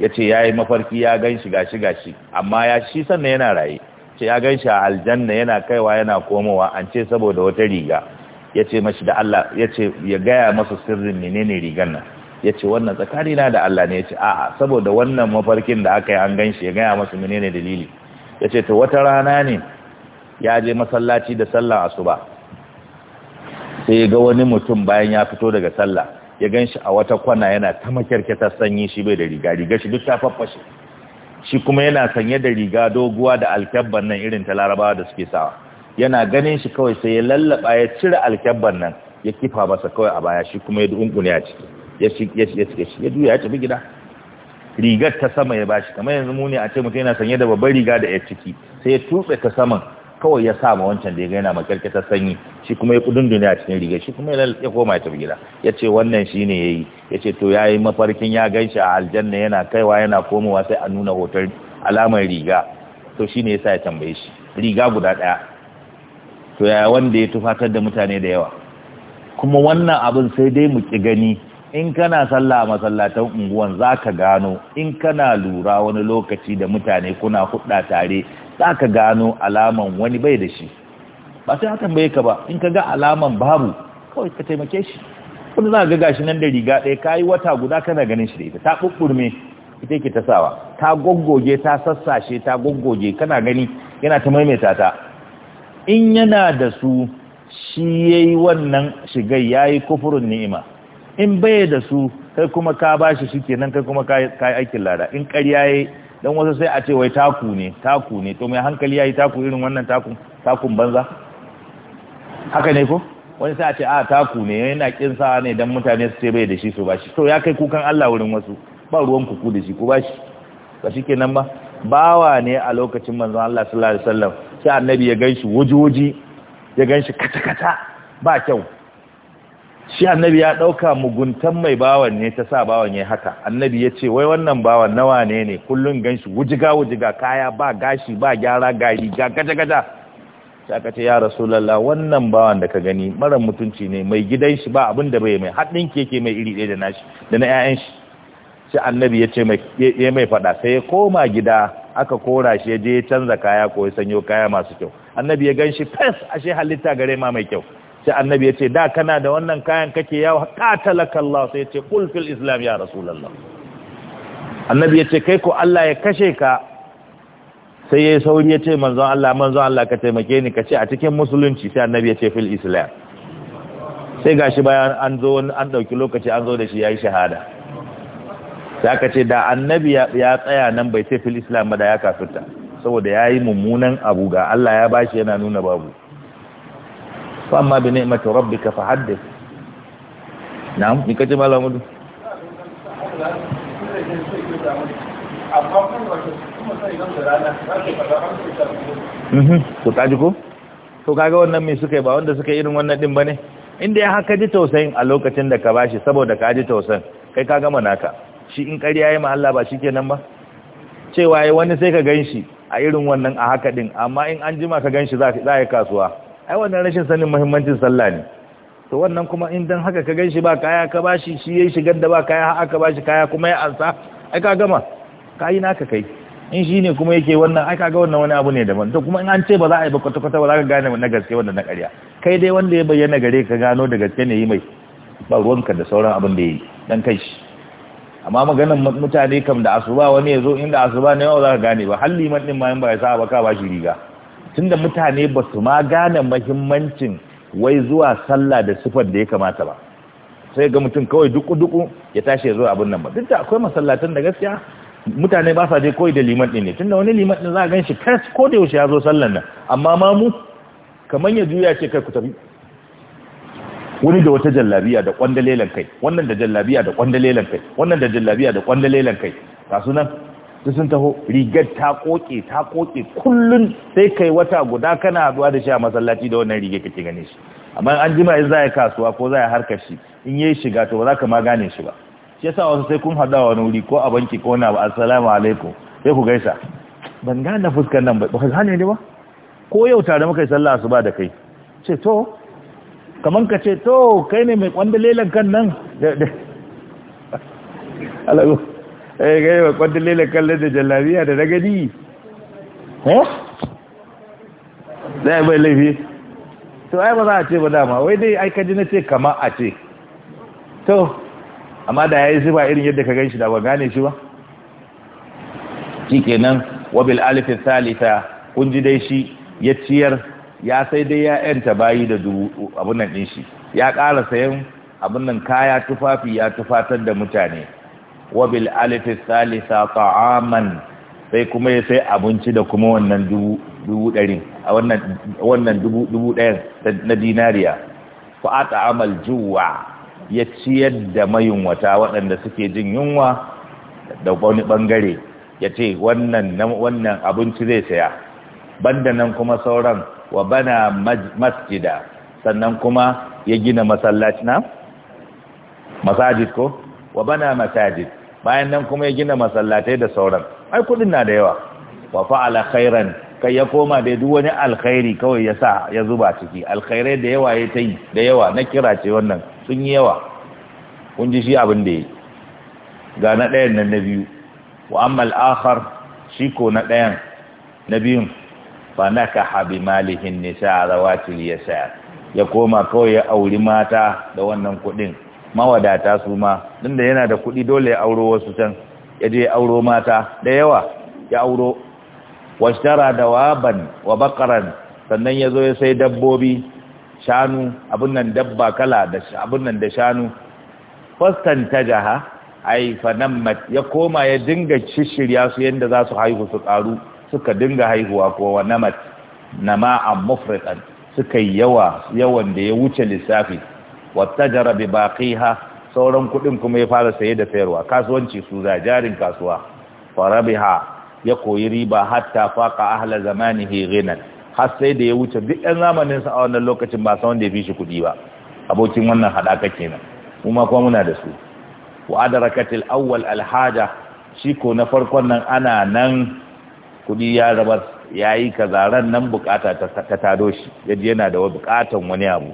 ya ce ya yi mafarki ya gan shi gashi gashi amma ya shi sannan yana raye ce ya gan shi a aljanna yana kaiwa yana komowa an ce saboda wata riga ya ce mashi da Allah ya ce ya gaya masa sirrin menene rigan nan ya ce wannan na da Allah ne ya ce a'a saboda wannan mafarkin da aka yi an gan shi ya gaya masa menene dalili ya ce ta wata rana ne ya je masallaci da sallah asuba sai ya ga wani mutum bayan ya fito daga sallah ya gan shi a wata kwana yana ta makyarkyatar sanyi shi bai da riga riga shi duk ta faffashe shi kuma yana sanye da riga doguwa da alkyabban nan irin ta larabawa da suke sawa yana ganin shi kawai sai ya lallaba ya cire alkyabban nan ya kifa masa kawai a baya shi kuma ya dunkune a ciki ya shi ya shi ya ya duya ya tafi gida rigar ta sama ya bashi kamar yanzu mu ne a ce mutum yana sanye da babbar riga da ya ciki sai ya tuɓe ta saman kawai ya sa ma wancan da ya gaina ma kyarkyata sanyi shi kuma ya kudin duniya cikin riga shi kuma ya koma ya tafi gida ya ce wannan shi ne ya yi ya ce to ya yi mafarkin ya gan shi a aljanna yana kaiwa yana komowa sai a nuna hoton alamar riga to shi ne ya sa ya tambaye shi riga guda ɗaya to ya wanda ya tufatar da mutane da yawa kuma wannan abin sai dai mu ki gani in kana sallah a masallatan unguwan za ka gano in kana lura wani lokaci da mutane kuna hudda tare za ka gano alaman wani bai da shi ba sai hakan bai ka ba in ka ga alaman babu kawai ka taimake shi wani za ka ga shi nan da riga ɗaya ka yi wata guda kana ganin shi da ita ta ɓuɓɓurme ita yake ta sawa ta goggoge ta sassashe ta goggoge kana gani yana ta maimaita ta in yana da su shi yayi wannan shigai yayi yi kufurin ni'ima in bai da su kai kuma ka bashi nan kai kuma ka yi aikin lada in ƙarya yi dan wasu sai a ce wai taku ne taku ne to mai hankali yi taku irin wannan takun banza haka ne ko wani sai a ce a taku ne yana kin sawa ne don mutane su ce bai da shi su bashi to ya kai kukan Allah wurin wasu ba ruwan kuku da shi ba bashi ba kenan ba bawa ne a lokacin manzon Allah sallallahu alaihi wasallam sai annabi ya ganshi wajoji ya ganshi kata kata ba kyau shi annabi ya ɗauka muguntan mai bawan ne ta sa bawan ya haka annabi ya ce wai wannan bawan nawa ne ne kullum ganshi wujiga wujiga kaya ba gashi ba gyara gari ga gaja gaja sai aka ce ya rasulullah wannan bawan da ka gani mara mutunci ne mai gidan shi ba abin da bai mai haɗin keke mai iri ɗaya da nashi da na ƴaƴan shi sai annabi ya ce mai ya mai faɗa sai ya koma gida aka kora shi ya je ya canza kaya ko ya sanyo kaya masu kyau annabi ya ganshi fes ashe halitta gare ma mai kyau sai annabi ya ce da kana da wannan kayan kake yawo katalaka Allah sai ya ce kul fil islam ya rasulullah annabi ya ce kai ko Allah ya kashe ka sai ya yi sauri ya ce manzon Allah manzon Allah ka taimake ni ka ce a cikin musulunci sai annabi ya ce fil islam sai gashi bayan an zo an dauki lokaci an zo da shi yayi shahada sai aka ce da annabi ya tsaya nan bai ce fil islam ba da ya kafirta saboda yayi mummunan abu ga Allah ya bashi yana nuna babu fa amma bi ni'mati rabbika fa haddith na'am ni kace ko to kaga wannan me suka ba wanda suke irin wannan din bane inda ya haka ji tausayin a lokacin da ka bashi saboda ka ji tausayin kai ka gama naka shi in ƙarya ya ma Allah ba shikenan ba cewa yi wani sai ka ganshi a irin wannan a haka din amma in an jima ka ganshi za ka kasuwa ai wannan rashin sanin muhimmancin sallah ne to wannan kuma in dan haka ka ganshi ba kaya ka bashi shi yayi shigar da ba kaya har aka bashi kaya kuma ya ansa ai ka gama ka yi naka kai in shi ne kuma yake wannan ai kaga wannan wani abu ne daban to kuma in an ce ba za a yi ba kwata kwata ba za ka gane na gaske wanda na ƙarya kai dai wanda ya bayyana gare ka gano da gaske ne yi mai ba ruwanka da sauran abin da yi dan kai shi amma maganan mutane kam da asuba wani ya zo inda asuba ne yau za ka gane ba halli man din ma in ba ya sa ba ka ba shi riga tunda mutane ba su ma gane mahimmancin wai zuwa sallah da sifar da ya kamata ba sai ga mutum kawai duku-duku ya tashi ya zo abin nan ba duk da akwai masallatan da gaskiya mutane ba sa je koyi da liman ɗin ne tunda wani liman ɗin za a gan shi kas ko da yaushe ya zo sallan nan amma ma mu kamar ya juya ce kai ku tafi wani da wata jallabiya da kwandalelan kai wannan da jallabiya da kwandalelan kai wannan da jallabiya da kwandalelan kai ga su nan duk sun taho rigar ta koke ta koke kullun sai kai wata guda kana haduwa da shi a masallaci da wannan rigar kake gane shi amma an jima in za ya kasuwa ko za ya harkar shi in yayi shiga to ba za ka ma gane shi ba shi yasa wasu sai kun haɗa wani wuri ko a banki ko na ba assalamu alaikum sai ku gaisa ban gane fuskar nan ba ba ne ba ko yau tare muka yi sallah asuba da kai ce to kamar ka ce to kai ne mai wanda lelan kan nan da [LAUGHS] eh gai ba kwadda lele kallon da jallabiya da ragadi eh zai bai laifi to ai ba za a ce ba dama wai dai ai kaji na ce kama a ce to amma da yayi zuba irin yadda ka ganshi da ba gane shi ba shikenan wabil alif salita kun ji dai shi ya ciyar ya sai dai ya yanta bayi da dubu abun nan din shi ya ƙara sayan abun nan kaya tufafi ya tufatar da mutane wa bil alif salisa ta'aman sai kuma ya sai abinci da kuma wannan dubu ɗari a wannan dubu ɗayan na dinariya fa'ata amal juwa ya ciyar da mayunwata waɗanda suke jin yunwa da wani ɓangare ya ce wannan abinci zai saya banda nan kuma sauran wa bana masjida sannan kuma ya gina masallaci na masajid ko wa bana masajid bayan nan kuma ya gina masallatai da sauran ai kudin na da yawa wa fa'ala khairan kai ya koma da duk wani alkhairi kawai ya sa ya zuba ciki alkhairai da yawa ya ta yi da yawa na kira ce wannan sun yi yawa kun ji shi abin da ya ga na ɗayan nan na biyu wa ammal akhar shi ko na ɗayan na biyun fa naka habi malihin nisa zawatil yasa ya koma kawai ya auri mata da wannan kuɗin mawadata su ma din da yana da kuɗi dole ya auro wasu can ya je auro mata da yawa ya auro washtara da waban wa bakaran sannan ya zo ya sai dabbobi shanu abin nan dabba kala da abin nan da shanu fastan ta jaha ai mat ya koma ya dinga shishirya su yadda za su haihu su ƙaru suka dinga haihuwa ko wa namat nama'an mafrikan suka yawa yawan da ya wuce lissafi wattajara bi baqiha sauran kuɗin kuma ya fara saye da sayarwa kasuwanci su za jarin kasuwa farabiha ya koyi riba hatta faqa ahla zamanihi ghinan har sai da ya wuce duk ɗan zamanin sa a wannan lokacin ba sa wanda ya fi shi kuɗi ba abokin wannan hadaka kenan kuma kuma muna da su wa adrakatil awwal alhaja shi ko na farkon nan ana nan kuɗi ya rabar yayi kazaran nan bukata ta tado shi yaji yana da bukatan wani abu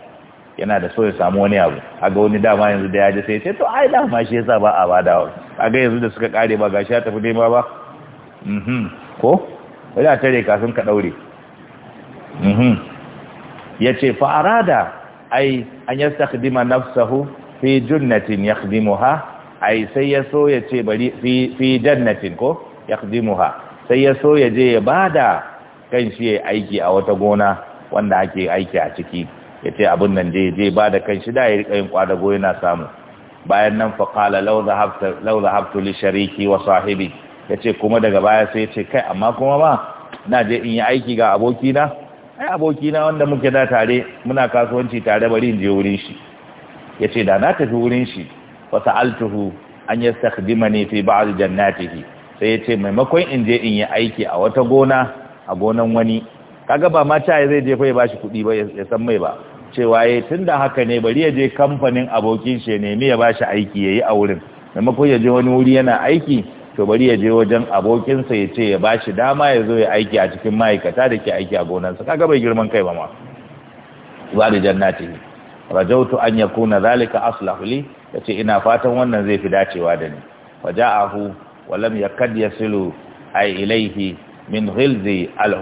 yana da so ya samu wani abu a ga wani dama yanzu da ya ji sai ce to ai dama shi yasa ba a ba da a ga yanzu da suka kare ba gashi ya tafi nema ba mhm ko wani tare kafin ka daure mhm yace fa arada ai an yastakhdima nafsahu fi jannatin yakhdimuha ai sai ya so ya ce bari fi fi jannatin ko yakhdimuha sai ya so ya je ya bada kan shi aiki a wata gona wanda ake aiki a ciki ya ce abin nan je je ba da kan shi da ya riƙa yin kwadago yana samu bayan nan faƙala lauza zahabtu li shariki wa sahibi ya ce kuma daga baya sai ya ce kai amma kuma ma na je in yi aiki ga abokina ai abokina wanda muke da tare muna kasuwanci tare bari in je wurin shi ya ce da na tafi wurin shi wasu altuhu an yi ne fi ba'd jannatihi sai ya ce maimakon in je in yi aiki a wata gona a gonan wani kaga ba ma ya zai je fa ya bashi kuɗi ba ya san mai ba cewa ya eh, tun da haka ne bari ya je kamfanin abokin shi nemi ya ba shi aiki ya yi a wurin maimakon ya je wani wuri yana aiki to bari ya je wajen abokinsa ya ce ya bashi dama ya zo ya aiki a cikin ma'aikata da ke aiki a gonarsa kaga bai girman kai ba ma ba da jannati rajautu an yakuna zalika aslahu li yace ina fatan wannan zai fi dacewa da ni waja'ahu wa lam yakad yasilu ai ilaihi min ghilzi al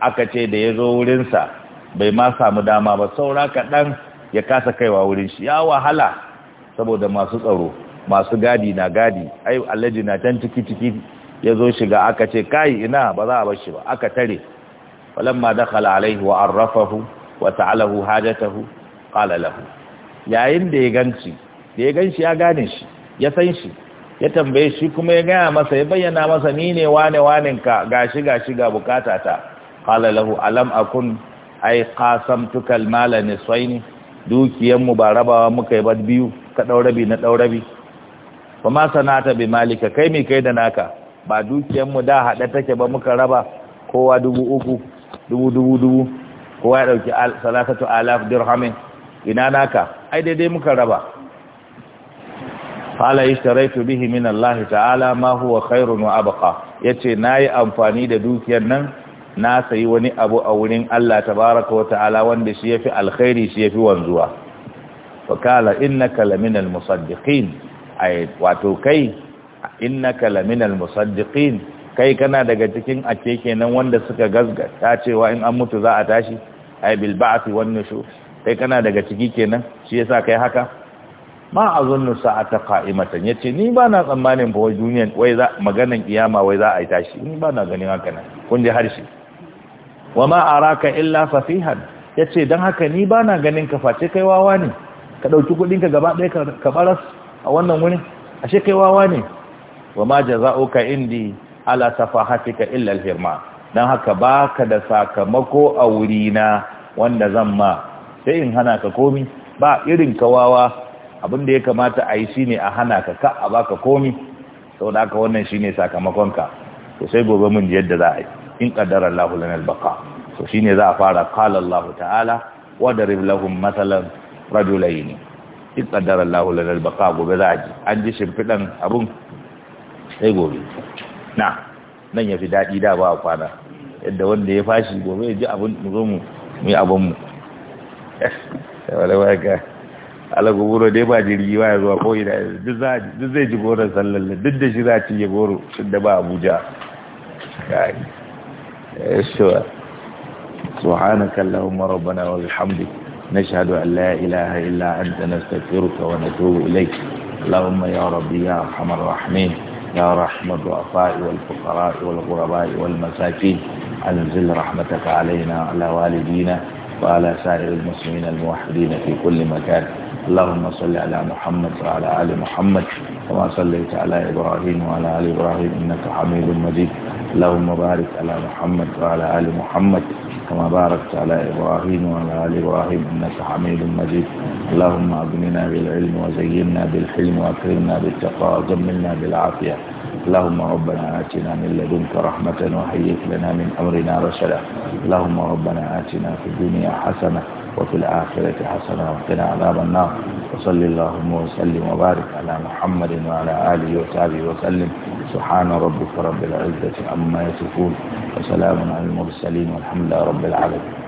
aka ce da yazo wurin sa bai ma samu dama ba saura kaɗan ya kasa kaiwa wurin shi ya wahala saboda masu tsaro masu gadi na gadi ai alhaji na can ciki ciki ya zo shiga aka ce kai ina ba za a bar shi ba aka tare ma dakala alaihi wa arrafahu wa ta'alahu hajatahu qala lahu yayin da ya ganci da ya ganci ya gane shi ya san shi ya tambaye shi kuma ya gaya masa ya bayyana masa ni ne wane wanenka gashi gashi ga bukatata qala lahu alam akun ai tukal mala nisfaini dukiyan mu ba rabawa muka yi ba biyu ka daurabi na daurabi fa ma sanata bi malika kai me kai da naka ba dukiyan mu da hada take ba muka raba kowa dubu uku dubu dubu dubu kowa ya dauki salatatu alaf dirhamin ina naka ai daidai muka raba fala ishtaraitu bihi min Allah ta'ala ma huwa khairun wa abqa yace nayi amfani da dukiyar nan na sayi wani abu a wurin Allah tabaraka wa ta'ala wanda shi yafi alkhairi shi yafi wanzuwa fa kala innaka laminal musaddiqin ay wato kai innaka laminal musaddiqin kai kana daga cikin ake kenan wanda suka gazgata cewa in an mutu za a tashi ay bil ba'thi wan nushur kai kana daga ciki kenan shi yasa kai haka ma azunnu sa'ata qa'imatan yace ni ba na tsammanin fa wai duniyan wai za maganan kiyama wai za a yi tashi ni ba na ganin haka nan kun ji harshe wa ma araka illa safihan yace dan haka ni bana ganin ka face kai wawa ne ka dauki kudin ka gaba ɗaya ka baras a wannan wurin ashe kai wawa ne wa ma jazaoka indi ala safahatika illa alhirma dan haka baka da sakamako a wurina wanda zan ma sai in hana ka komi ba irin kawawa abin da ya kamata a yi shine a hana ka ka a baka komi sau haka wannan shine sakamakonka to sai gobe mun ji yadda za a yi in qaddara Allahu lana al-baqa to shine za a fara qala Allahu ta'ala wa darib lahum mathalan rajulaini in qaddara Allahu lana al-baqa gobe za a ji an ji shimfidan abun sai gobe na nan yafi dadi da ba kwana yadda wanda ya fashi gobe ya ji abun mu zo mu mu abun mu [LAUGHS] wala ga ala goboro dai ba jirgi ba ya zuwa ko ina duk zai ji goron sallalle duk da shi za a goro duk da ba abuja السؤال سبحانك اللهم ربنا وبحمدك نشهد أن لا إله إلا أنت نستغفرك ونتوب إليك اللهم يا ربي يا أرحم الراحمين يا رحمة الضعفاء والفقراء والغرباء والمساكين أنزل رحمتك علينا وعلى والدينا وعلى سائر المسلمين الموحدين في كل مكان اللهم صل على محمد وعلى آل محمد كما صليت على إبراهيم وعلى آل إبراهيم إنك حميد مجيد اللهم بارك على محمد وعلى آل محمد كما باركت على إبراهيم وعلى آل إبراهيم إنك حميد مجيد اللهم أغننا بالعلم وزينا بالحلم وأكرمنا بالتقوى وجملنا بالعافية اللهم ربنا آتنا من لدنك رحمة وهيئ لنا من أمرنا رشدا اللهم ربنا آتنا في الدنيا حسنة وفي الآخرة حسنة وقنا عذاب النار وصل اللهم وسلم وبارك على محمد وعلى آله وصحبه وسلم سبحان ربك رب العزة عما يصفون وسلام على المرسلين والحمد لله رب العالمين